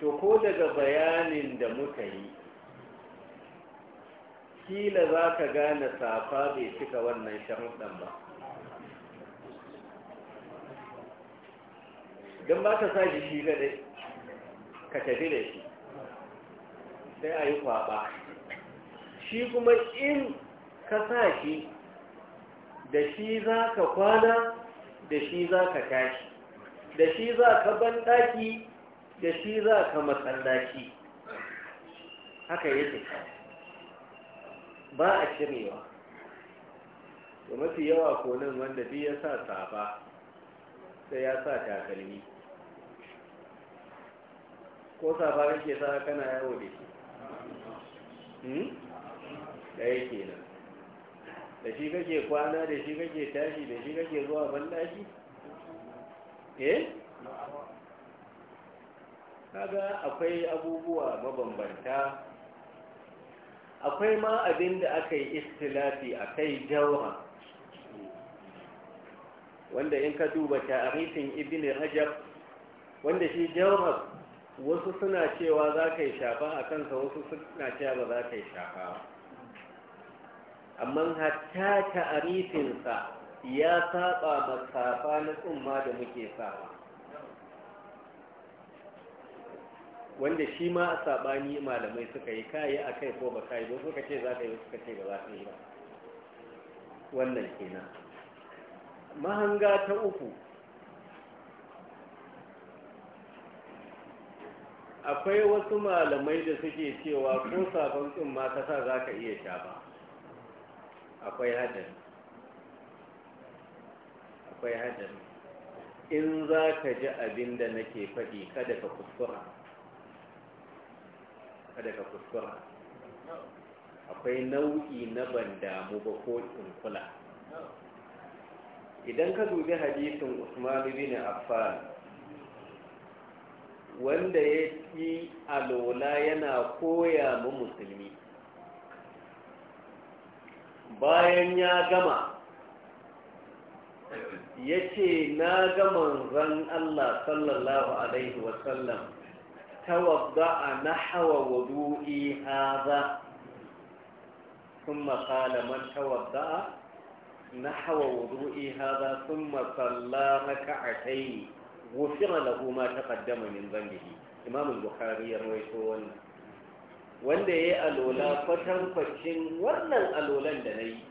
Speaker 1: to ko daga bayanin da muka yi kila za ka gane safa bai cika wannan sharuɗan ba don ba ka sa shi shi dai ka tafi da shi sai a yi kwaɓa shi kuma in ka sa shi da shi za ka kwana da shi za ka tashi da shi za ka banɗaki da shi za ka matsandaki haka yake ba a cirewa to mafi yawa konin wanda bi ya sa safa sai ya sa takalmi ko safa kake sa kana yawo da shi hmm? ɗaya kenan da shi kake kwana da shi kake tashi da shi kake zuwa shi eh kaga akwai abubuwa mabambanta akwai ma abin da aka yi istilafi a kai wanda in ka duba tarihin ibn rajab wanda shi jawhar wasu suna cewa za ka yi shafa a kansa wasu suna cewa ba za ka yi shafa amma hatta tarihinsa ya saba masafa na tsumma da muke sawa wanda shi ma a saɓani malamai suka yi kayi a kai ko ba kayi ba suka ce za ka yi suka ce gaba za ka yi ba wannan kenan mahanga ta uku akwai wasu malamai da suke cewa ko sabon ɗin ma kasa za ka iya sha ba akwai hadari akwai hadari in za ka ji abin da nake faɗi kada ka kuskura kada ka kuskura akwai nau'i na ban damu ba ko in kula idan ka dubi hadisin usman bin affan wanda ya yi alola yana koya mu musulmi bayan ya gama ya ce na ga zan Allah sallallahu Alaihi wasallam توضأ نحو وضوئي هذا ثم قال من توضأ نحو وضوئي هذا ثم صلى ركعتين غفر له ما تقدم من ذنبه إمام البخاري رويته wanda ya yi alola kwatankwacin wannan alolan da na yi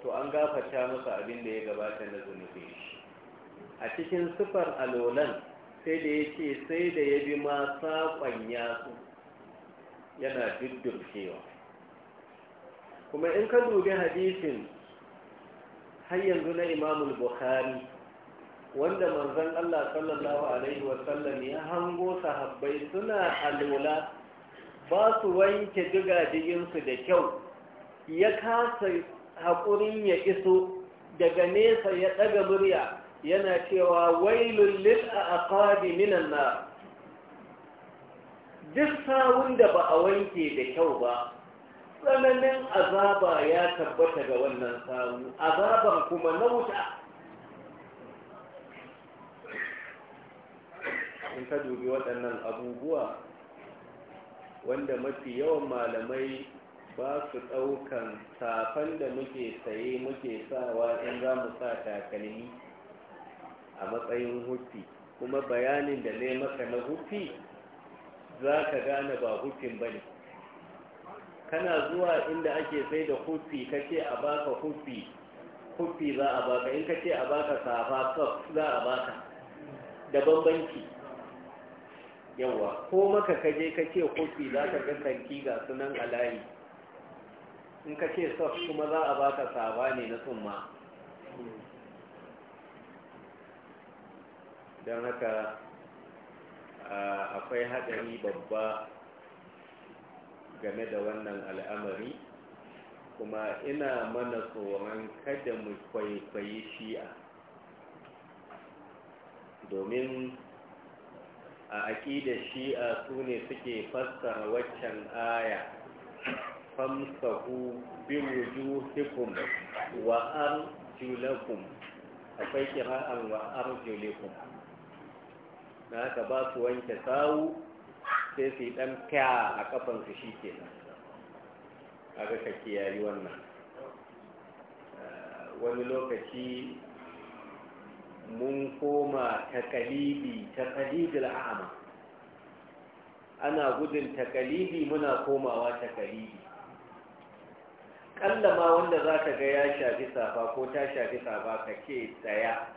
Speaker 1: to an gafata masa abin da ya gabata na zunubin shi a cikin sufar alolan sai da ya ce sai da ya bi ma saƙon yatsu yana duddurkewa kuma in ka dubi hadisin har yanzu na imamul bukhari wanda manzon Allah sallallahu alaihi wasallam ya hango sahabbai suna alula ba su wanke digadiginsu da kyau ya kasa haƙurin ya iso daga nesa ya ɗaga murya yana cewa wailul lil aqabi minan nar duk sawun da ba a wanke da kyau ba tsananin azaba ya tabbata ga wannan sawu azaban kuma na wuta in ka dubi waɗannan abubuwa wanda mafi yawan malamai ba su ɗaukan safan da muke saye muke sawa in za mu sa takalmi a matsayin hufi kuma bayanin da ne maka na hufi za ka gane ba hufin ba ne kana zuwa inda ake sai da hufi ce a baka hufi hufi za a baka in ka ce a baka safa kaf za a baka da bambanci yawa ko maka kaje ce hufi za ka ga sanki ga sunan alayi in ka ce saf kuma za a baka safa ne na tsumma don haka akwai haɗari babba game da wannan al'amari kuma ina mana tsoron kada mu kwaikwayi shi'a domin a da shi'a su ne suke fassara waccan aya famsahu bi wujuhikum wa'ar, arjulakum akwai kira'an wa'ar arjulakum na haka ba su wanke sawu sai su yi ɗan kya a kafansu shi ke nan aga ka kiyayi wannan eh, wani lokaci mun koma takalibi takalibin la'ama ana gudun takalibi muna komawa takalibi kalibi ma wanda za ka ga ya shafi safa ko ta shafi safa ka ke tsaya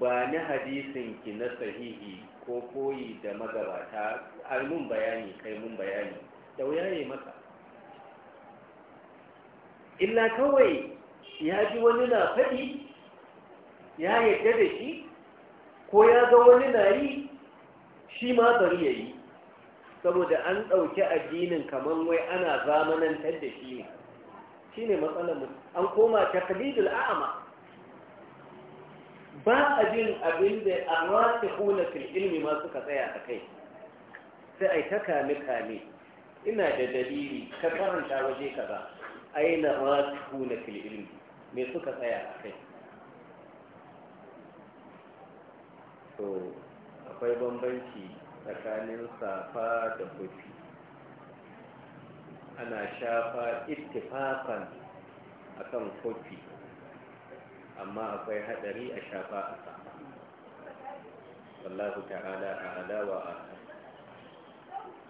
Speaker 1: ba na hadisin ki na sahihi ko koyi da magabata har mun bayani kai mun bayani da wuya ne maka illa kawai ya ji wani na faɗi ya yadda da shi ko ya ga wani na yi shi ma bari ya yi saboda an ɗauki addinin kamar wai ana zamanantar da shi ne shi ne matsalar mu an koma taklidul a'ama ba a jin abin da a masu fil ilmi ma suka tsaya a kai sai a yi ta kame-kame ina da dalili ka karanta waje ka ba aina masu fil ilmi me suka tsaya a kai so akwai bambanci tsakanin safa da kufi ana shafa ittifafan akan kofi amma akwai hadari a shafa a sama wallahu ta'ala a adawa a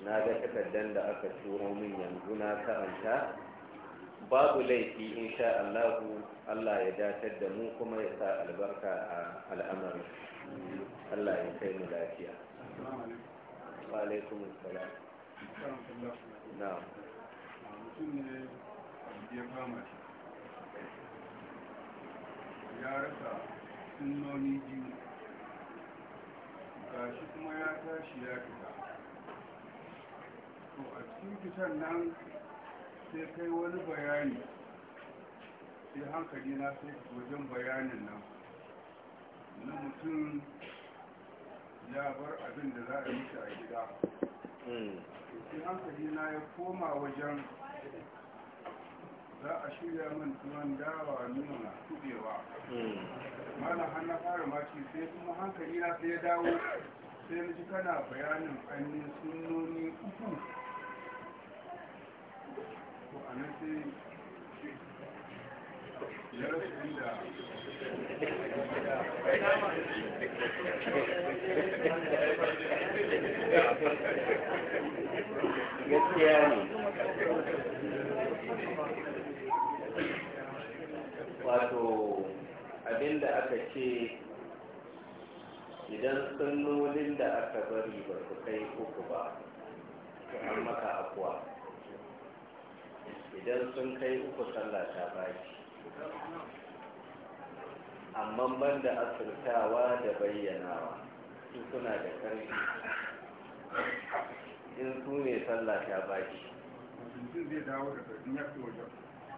Speaker 1: na ga takardar da aka turo min yanzu na karanta babu laifi insha Allahu Allah ya datar da mu kuma ya sa albarka a al'amari Allah ya kai mu lafiya wa alaikum assalam na
Speaker 2: mutum ne ya fama
Speaker 1: shi ya rasa
Speaker 2: sunnoni biyu
Speaker 1: shi kuma ya tashi ya fita to a cikin fitan nan sai kai wani bayani sai hankali na sai wajen bayanin nan na
Speaker 2: mutum ya bar abin da za a yi shi a gida hmm. sai hankali na ya koma wajen za a
Speaker 1: shirya min tuwon dawa nuna kubewa hmm. mana hannun na fara maci sai kuma hankali na sai ya dawo sai na ji kana bayanin ainihin sunoni
Speaker 2: uku ko a nan sai ya rasu inda gaskiya ne wato
Speaker 1: abinda aka ce idan sunnolin da aka bari ba su kai uku ba su an maka akuwa idan sun kai uku sallah ta baki amma ban da asirtawa da bayyanawa su suna da karfi in su ne sallah ta baki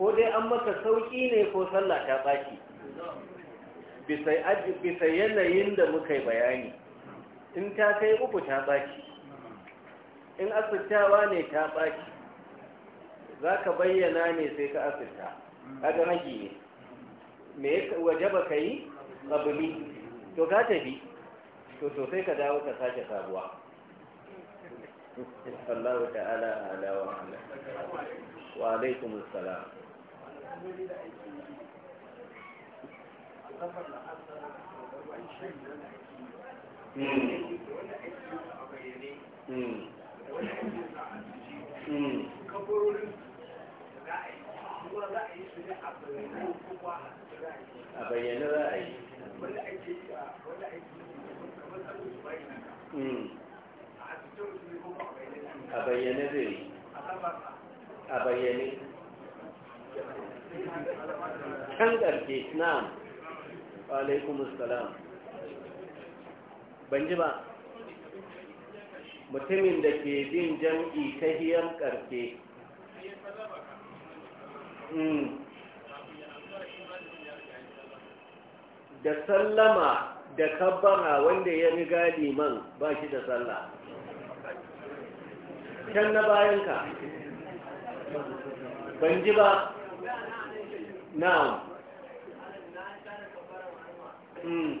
Speaker 1: ko dai an maka sauƙi ne ko sallah ta ɓaki bisa yanayin da muka yi bayani in ta kai uku ta ɓaki in asirtawa ne ta ɓaki za ka bayyana ne sai ka asirta kaga haji ne waje ba ka yi ƙabili to ka tafi to sosai ka dawo ka sake sabuwa الله تعالى ala Wa وعليكم السلام
Speaker 2: a bayyana za a yi a bayyane zai a bayyane kan ƙarshe
Speaker 1: na alaikumussalam ban ji ba mutumin da ke bin jam'i ta hiyar ƙarfe hmm. da sallama da kabbara wanda ya riga liman ba shi da sallah
Speaker 2: can na bayanka ban ji ba Na hmm.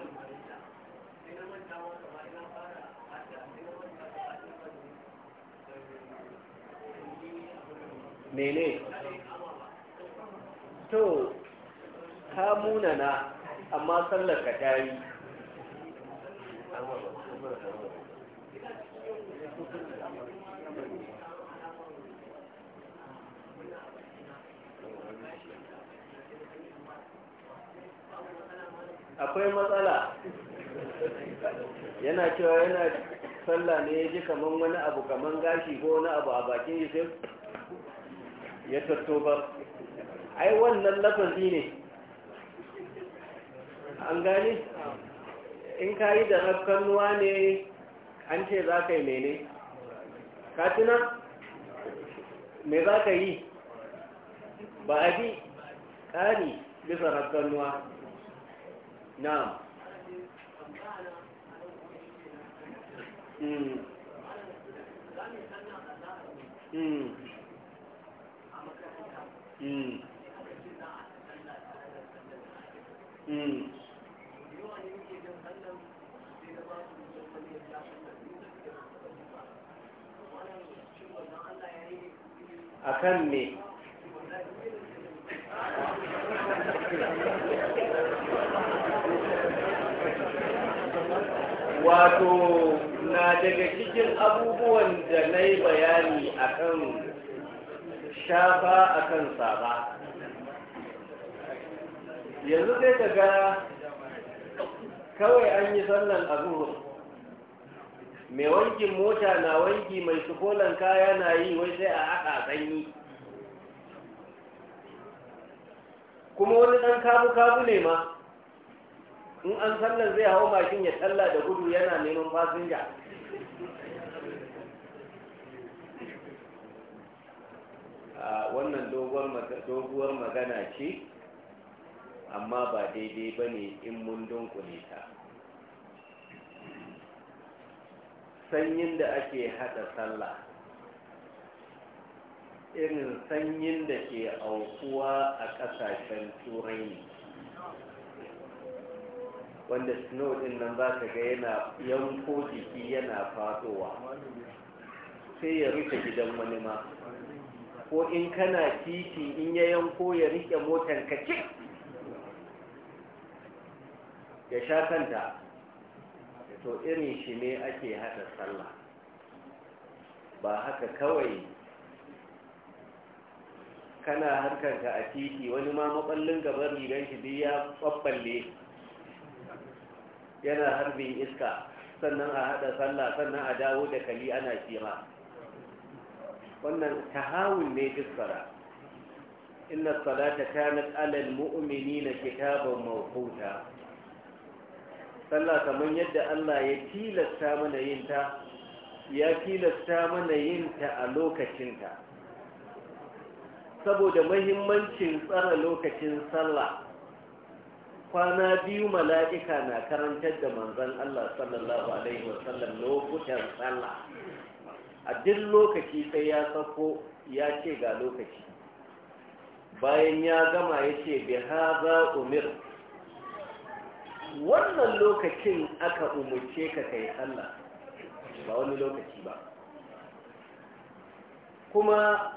Speaker 2: mene
Speaker 1: to ka munana amma sallar ka ta yi
Speaker 2: akwai matsala yana
Speaker 1: cewa yana sallah ne ya ji kamar wani abu kamar gashi ko wani abu a bakin yusuf ya tattobar ai wannan lafazi ne an gani in ka yi da nuwa ne an ce za ka yi mene katina me za ka yi ba a bi ƙari bisa nuwa. na'am
Speaker 2: hmm. Hmm. Hmm. a kan me wato na
Speaker 1: daga cikin abubuwan da na yi bayani akan shafa akan saba yanzu sai daga kawai an yi sallan a mai wankin mota na wanki mai sukolan kaya na yi wai sai a haɗa sanyi kuma wani ɗan kabu-kabu ne ma in an sallar zai hau mashin ya talla da gudu yana neman fasinja wannan doguwar magana ce amma ba daidai ba ne in mun dunkule ta sanyin da ake hada sallah irin sanyin da ke aukuwa a kasashen turai wanda snow din nan za ka ga yana yanko jiki yana fadowa sai ya rufe gidan wani ma ko in kana titi in ya yanko ya rike motar ka ce ya sha kanta to irin shi ne ake haɗa sallah ba haka kawai kana harkarka a titi wani ma maballin gaban rigar shi ya ɓaɓɓalle yana harbin iska sannan a haɗa sallah sannan a dawo da kali ana shira wannan tahawun ne dukkara inna salata kanat alal mu'minina kitaban mawquta sallah kaman yadda Allah ya tilasta mana yin ta ya tilasta mana yin ta a lokacinta saboda mahimmancin tsara lokacin sallah kwana biyu mala'ika na karantar da manzan Allah sallallahu Alaihi wasallam lokutan sallah a duk lokaci sai ya sako ya ce ga lokaci bayan ya gama ya ce haza umir wannan lokacin aka umarce ka kai sallah ba wani lokaci ba kuma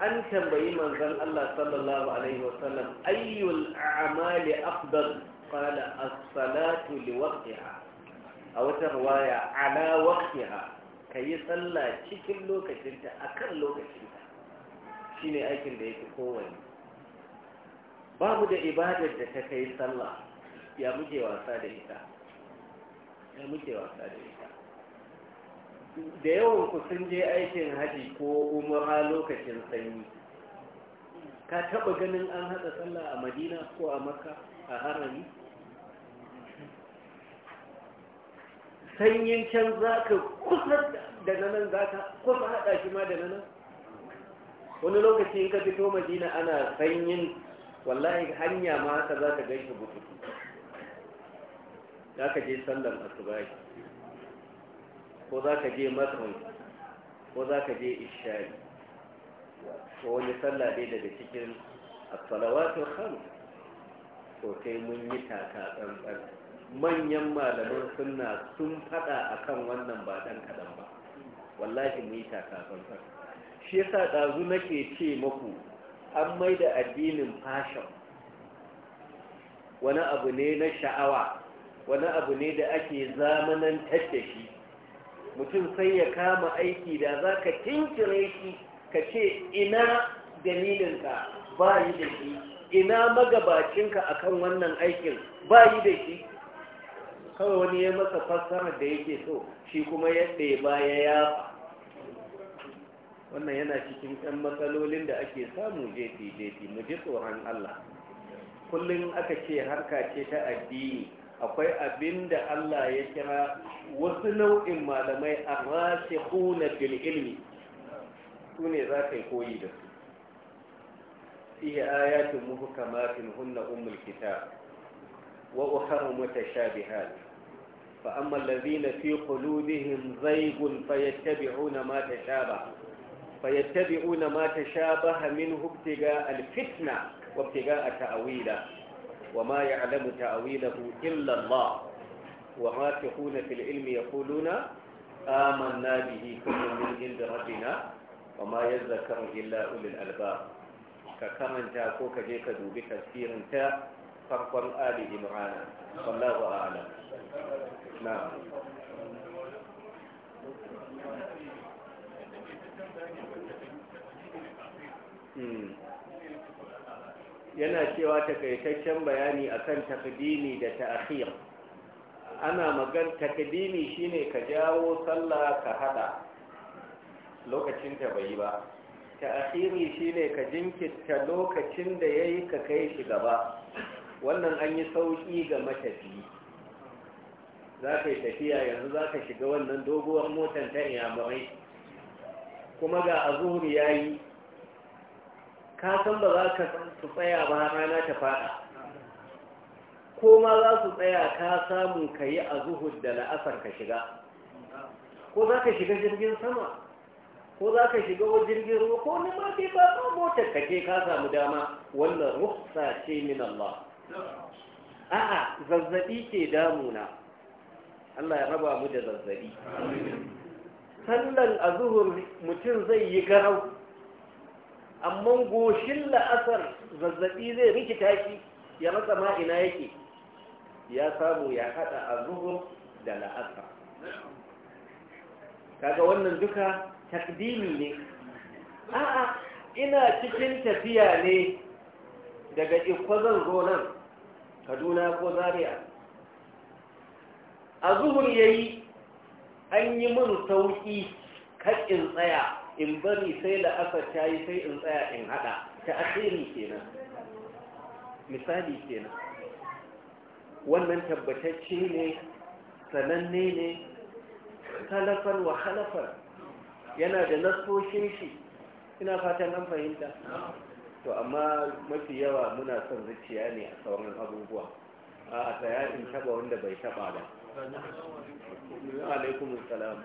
Speaker 1: an tambayi manzon Allah sallallahu alaihi wasallam ayyul a'mali afdal qala as-salatu liwaqtiha a wata riwaya ala waqtiha kayi sallah cikin lokacinta akan lokacinta shine aikin da yake kowai babu da ibadar da ta kai sallah ya muke wasa da ita ya muke wasa da ita da yawan ku sun je aikin haji ko umara lokacin sanyi ka taɓa ganin an haɗa sallah a madina ko a makka a harami sanyin can za ka kusa da nanan za ka kusa haɗa shi ma da nan wani lokaci in ka fito madina ana sanyin wallahi hanya ma haka za ka gaishe bututu za ka je sallar asubahi ko za ka je makon ko za ka je ishari ko wani sallah dai daga cikin asalawatul khamis ko sai mun yi taka tsantsan manyan malaman suna sun fada akan wannan ba dan kaɗan ba wallahi mun yi taka tsantsan shi yasa ɗazu nake ce muku an mai da addinin fashon wani abu ne na sha'awa wani abu ne da ake zamanantar da shi mutum sai ya kama aiki da za ka tinkire shi ka ce ina dalilinka ba yi da shi ina magabacinka a kan wannan aikin ba yi da shi kawai wani ya masa fassara da yake so shi kuma ya ɗeba ya yafa wannan yana cikin ɗan matsalolin da ake samu jefi-jefi mu ji tsoron Allah kullum aka ce harka ce ta addini akwai abin da Allah ya kira wasu nau'in malamai a rashe kuna fil ilmi su ne za ka yi koyi da su fiye ayatun muhu kamatin hunna umul kita wa uharu mutashabihat fa amma na fi qulubihim zaygun fayattabi'una ma tashabaha fayattabi'una ma tashabaha minhu ibtiga al-fitna wa ibtiga at-ta'wila وما يعلم تأويله إلا الله تكون في العلم يقولون آمنا به كل من عند ربنا وما يذكر إلا أولي الألباب ككمن تاكوك جيك دوبي السير تا فرقا آل إمرانا والله أعلم
Speaker 2: نعم Mm.
Speaker 1: yana cewa takaitaccen bayani akan takdimi da ta'khir ana magan takdimi shine ka jawo sallah ka hada lokacin ta bai ba ta'khiri shine ka jinkirta lokacin da yayi ka kai shi gaba wannan an yi sauki ga matafi za ka yi tafiya yanzu za ka shiga wannan doguwar motar ta iyamurai kuma ga azuri ya yi ka san ba za ka su tsaya ba rana ta fada ko ma za su tsaya ka samu ka yi a zuhud da la'asar ka shiga ko za ka shiga jirgin sama ko za ka shiga wa jirgin ruwa ko ne ma ba motar ka ce ka samu dama wannan rufsa ce min Allah a'a zazzabi ke damuna Allah ya raba mu da zazzabi sallan azhur mutum zai yi garau amma goshin la'asar zazzabi zai rikita shi ya matsa ma ina yake ya samu ya haɗa a zuhur da la'asar kaga wannan duka takdimi ne a'a ina cikin tafiya ne daga ikwazan zonan kaduna ko zaria a zuhur yayi an yi min sauƙi kaƙin tsaya in bari sai la'asar ta yi sai in tsaya in haɗa ta asiri kenan misali kenan wannan tabbatacce ne sananne ne talafar wa halafar yana da nasoshin shi ina fatan an fahimta to amma mafi yawa muna son zuciya ne a sauran abubuwa a tsaya in taba wanda bai taba ba alaikum salam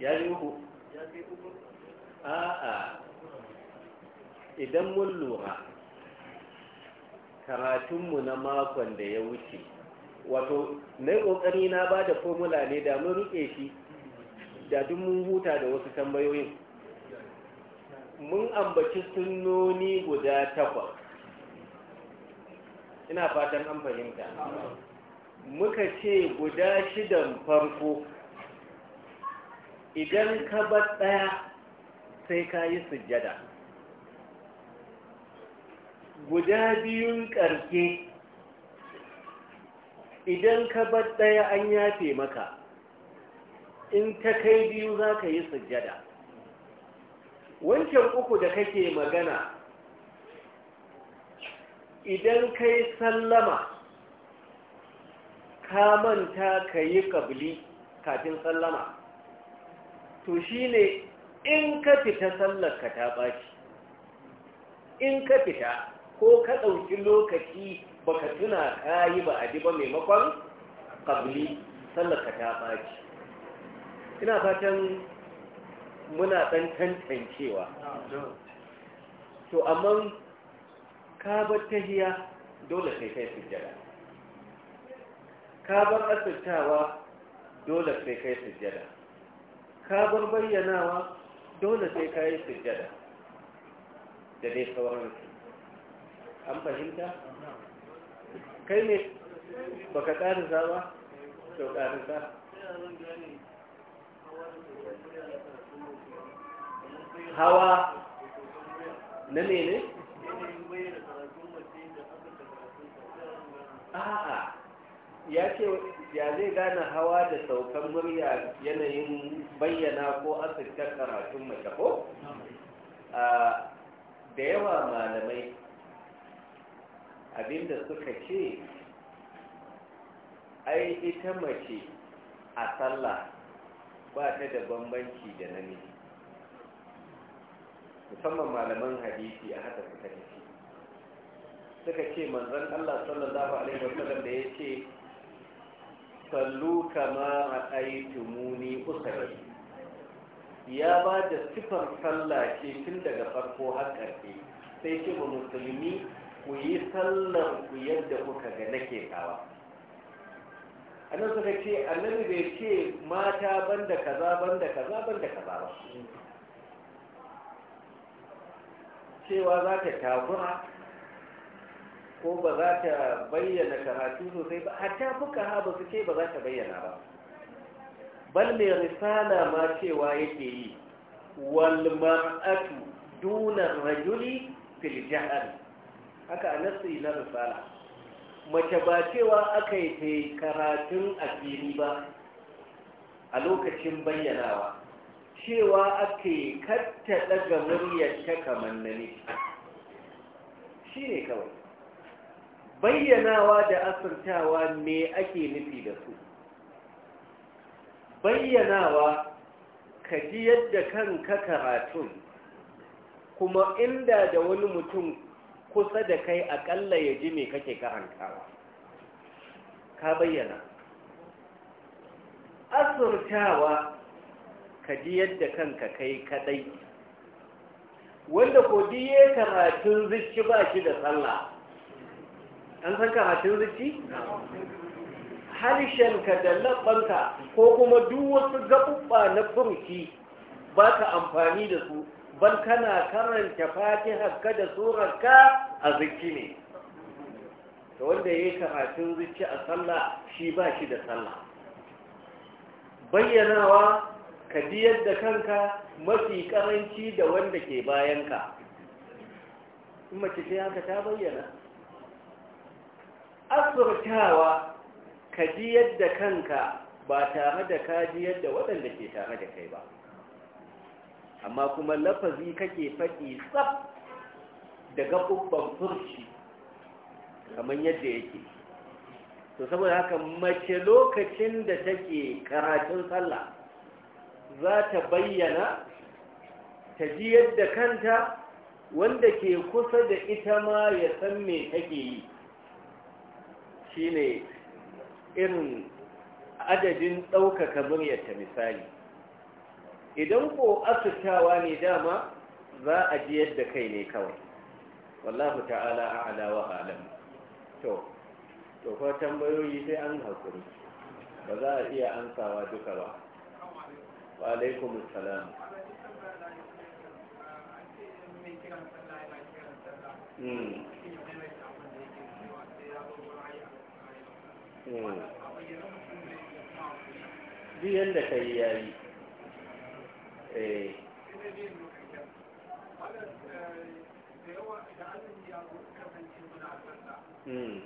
Speaker 1: ya yi uku a'a idan mun lura karatunmu na makon da ya wuce wato na ƙoƙari na ba da formula ne da mun rike shi da duk mun huta da wasu tambayoyin mun ambaci sunoni guda takwas ina fatan an fahimta muka ce guda shidan farko idan ka bar ɗaya sai ka yi sujjada guda biyun ƙarfe idan ka bar ɗaya an yafe maka in ta kai biyu za ka yi sujjada wancan uku da kake magana idan kai sallama ka manta ka yi ƙabli kafin sallama to shi ne in ka fita sallarka ta ɓaci in ka fita ko ka ɗauki lokaci baka tuna ka yi ba a ba maimakon ƙabli sallarka ta ɓaci ina fatan muna ɗan
Speaker 2: tantancewa
Speaker 1: to amma ka bar tahiya dole sai kai sujjada ka bar asirtawa dole sai kai sujjada ka bar bayyanawa dole sai ka yi sujjada da dai sauransu an fahimta kai ne baka ƙarisa ba
Speaker 2: to ƙarisa hawa na mene? a'a
Speaker 1: ya ce ya zai gane hawa da saukan murya yanayin bayyana ko asirkar karatun mace ko? da yawa malamai abinda suka ce ai ita mace a sallah ba ta da bambanci da namiji musamman malaman hadisi a haka suka ce suka ce manzan Allah sallallahu Alaihi wasallam da ya ce sallu kama ra'aytumuni usalli ya ba da sifar sallah ke tun daga farko har ƙarfe sai ce ba musulmi ku yi sallar ku yadda kuka ga nake kawa nan suka ce annabi bai ce mata banda kaza banda kaza banda kaza ba cewa za ka tafura ko ba za ta bayyana karatu sosai ba hatta fuka ha ba su ce ba za ta bayyana ba bal mai risala ma cewa yake yi wal mar'atu duna rajuli fil jahl haka anasu ila na risala mace ba cewa aka yi ta karatun addini ba a lokacin bayyanawa cewa ake katta daga muryar ta kamar shi ne kawai bayyanawa da asirtawa me ake nufi da su bayyanawa ka ji yadda kanka karatun kuma inda da wani mutum kusa da kai akalla ya ji me kake karantawa ka bayyana asirtawa ka ji yadda kanka kai kadai wanda ko ji karatun zishi ba shi da sallah an san karatun zuci harshenka da labbanka ko kuma duk wasu gaɓuɓɓa na furuki ba ka amfani da su ban kana karanta fatiharka da surarka a zuci ne da wanda ya yi karatun zuci a sallah shi ba shi da sallah bayyanawa ka biyar da kanka mafi karanci da wanda ke bayanka in mace ce haka ta bayyana
Speaker 2: azurtawa
Speaker 1: ka ji yadda kanka ba tare da ka ji yadda waɗanda ke tare da kai ba amma kuma lafazi kake faɗi tsaf da gaɓuɓɓen furci kamar yadda yake to saboda haka mace lokacin da take karatun sallah za ta bayyana ta ji yadda kanta wanda ke kusa da ita ma ya san me take yi shine irin adadin ɗaukaka muryarta misali idan ko asutawa ne dama za a ji yadda kai ne kawai wallahu ta'ala a alawa alam to to fa tambayoyi sai an haƙuri ba za a iya ansawa duka ba
Speaker 2: wa alaikum assalam Mm. duk yadda ka yi yayi eh. hmm.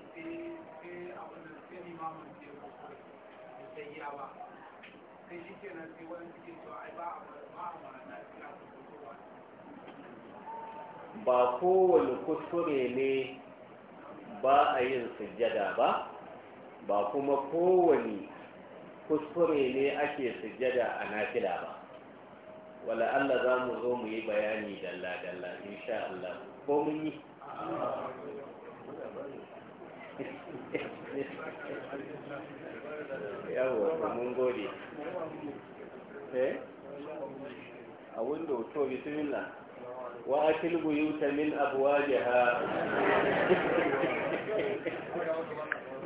Speaker 1: ba kowane kuskure ne ba a yin sujjada ba ba kuma kowane kuskure ne ake sujjada a nafila ba wala Allah za mu zo mu yi bayani dalla-dalla insha Allah ko mun yi
Speaker 2: yawo mun gode eh a
Speaker 1: window to bismillah wa akil buyuta min abwajiha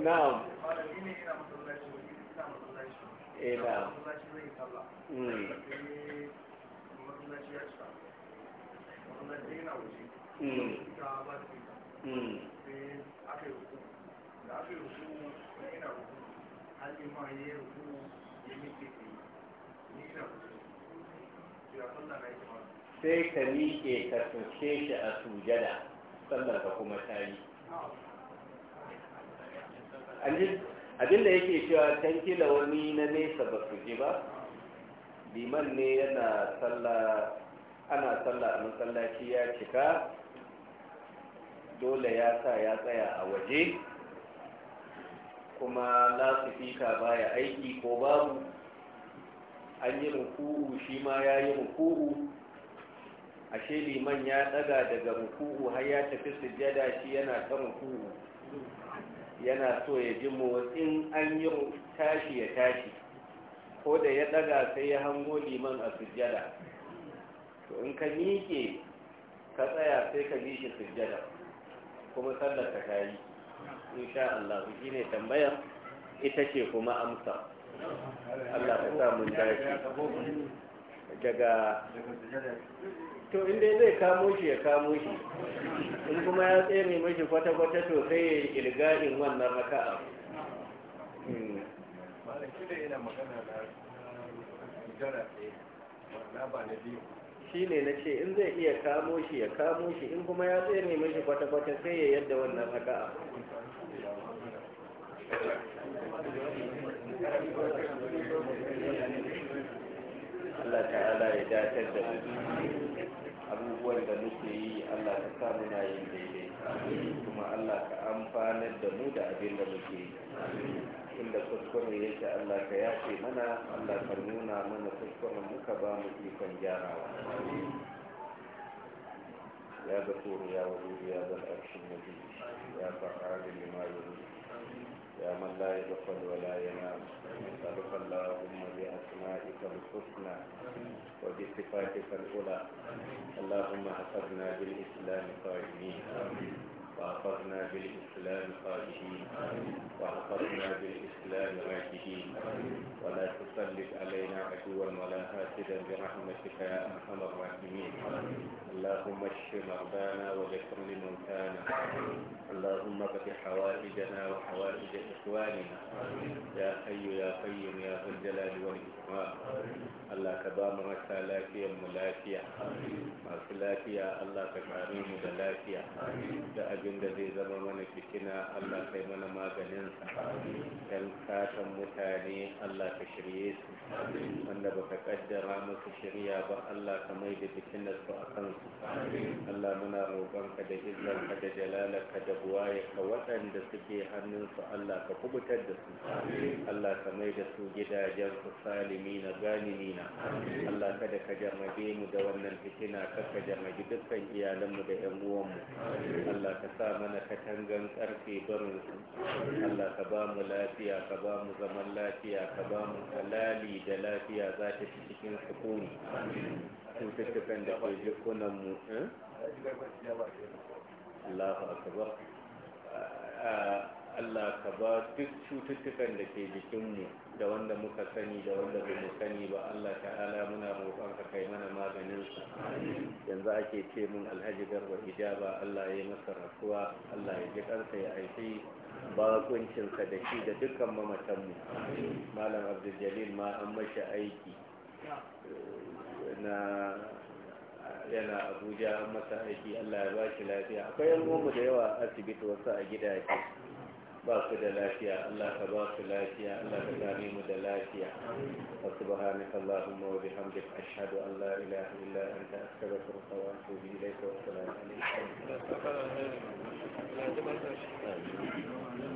Speaker 1: na'am
Speaker 2: eh na sai ka
Speaker 1: miƙe ka tushe shi a sujada sannan ka kuma tayi an ji abinda yake cewa can kila wani na nesa ba su ji ba liman ne yana sallah ana sallah a masallaci ya cika dole ya sa ya tsaya a waje kuma lasifika baya aiki ko babu an yi ruku'u shi ma ya yi ruku'u ashe liman ya daga daga ruku'u har ya tafi sujjada shi yana ta ruku'u yana so ya ji motsin an yi tashi ya tashi ko da ya daga sai ya hango liman a sujjada to in ka miƙe ka tsaya sai ka bi shi sujjada kuma sallar ka tayi insha Allah shi ne tambayar ita ce kuma amsa
Speaker 2: Allah ka sa mun dace
Speaker 1: daga to inda zai kamo shi ya kamo shi in kuma ya mai mashi kwata-kwata to sai ya yi ilga'in wannan a hmm. shi ne na ce in zai iya kamo shi ya kamo shi in kuma ya mai mashi kwata-kwata sai ya yadda wannan a
Speaker 2: Allah ta'ala ya datar da mu
Speaker 1: abubuwan da muke yi Allah ka sa muna yin daidai kuma Allah ka amfanar da mu da abin da muke yi inda kuskure yake Allah ka yafe mana Allah ka nuna mana kuskuren muka ba mu ikon gyarawa ya ga يا ya يا ya العرش المجيد يا فعال ma yi يا من لا يدخل ولا ينام نسألك اللهم بأسمائك الحسنى وبصفاتك الأولى اللهم أخرنا بالإسلام قائمين وأخذنا بالإسلام خالدين وأخذنا بالإسلام راكدين ولا تسلط علينا عدوا ولا حاسدا برحمتك يا أرحم الراحمين اللهم اشف مرضانا وذكر لموتانا اللهم افتح حوائجنا وحوائج إخواننا يا حي يا قيوم يا ذا الجلال والإكرام الله كبام رسا لافيا ملافيا ما في الله كبارين مدلافيا abin da zai zama mana fitina Allah kai mana maganin maganinsa yan katon mutane Allah ka shirye su wanda baka kaddara musu shirya ba Allah ka mai da su a kansu Allah muna ka da ka da ka da ka waɗanda suke hannunsu Allah ka kubutar da su Allah ka mai da su gidajen su salimi na ganini na Allah ka da ka jarrabe mu da wannan fitina kar ka jarrabi dukkan iyalanmu da 'yan uwanmu Allah ka sa mana katangan ƙarfe barin su Allah ka ba mu lafiya ka ba mu zaman lafiya ka ba mu halali da lafiya za ta fi cikin sukuni cututtukan da ke mu. Eh? Allahu akbar Allah ka ba duk cututtukan da ke mu. da wanda muka sani da wanda bai mu sani ba Allah ta'ala muna roƙon ka kai mana maganin sa yanzu ake ce mun Alhaji Garba Hijaba Allah ya yi masa rasuwa Allah ya ji kansa ya aiki bakuncin sa da shi da dukkan mamatan mu Malam Abdul Jalil ma an mashi aiki na yana Abuja an masa aiki Allah ya ba shi lafiya akwai yan da yawa asibiti wasu a gidaje ba su da lafiya Allah ka ba su lafiya Allah ka gane mu da lafiya wa subhanaka allahumma wa bihamdika ashhadu an la ilaha illa anta astaghfiruka
Speaker 2: wa atubu ilayka wa assalamu alaikum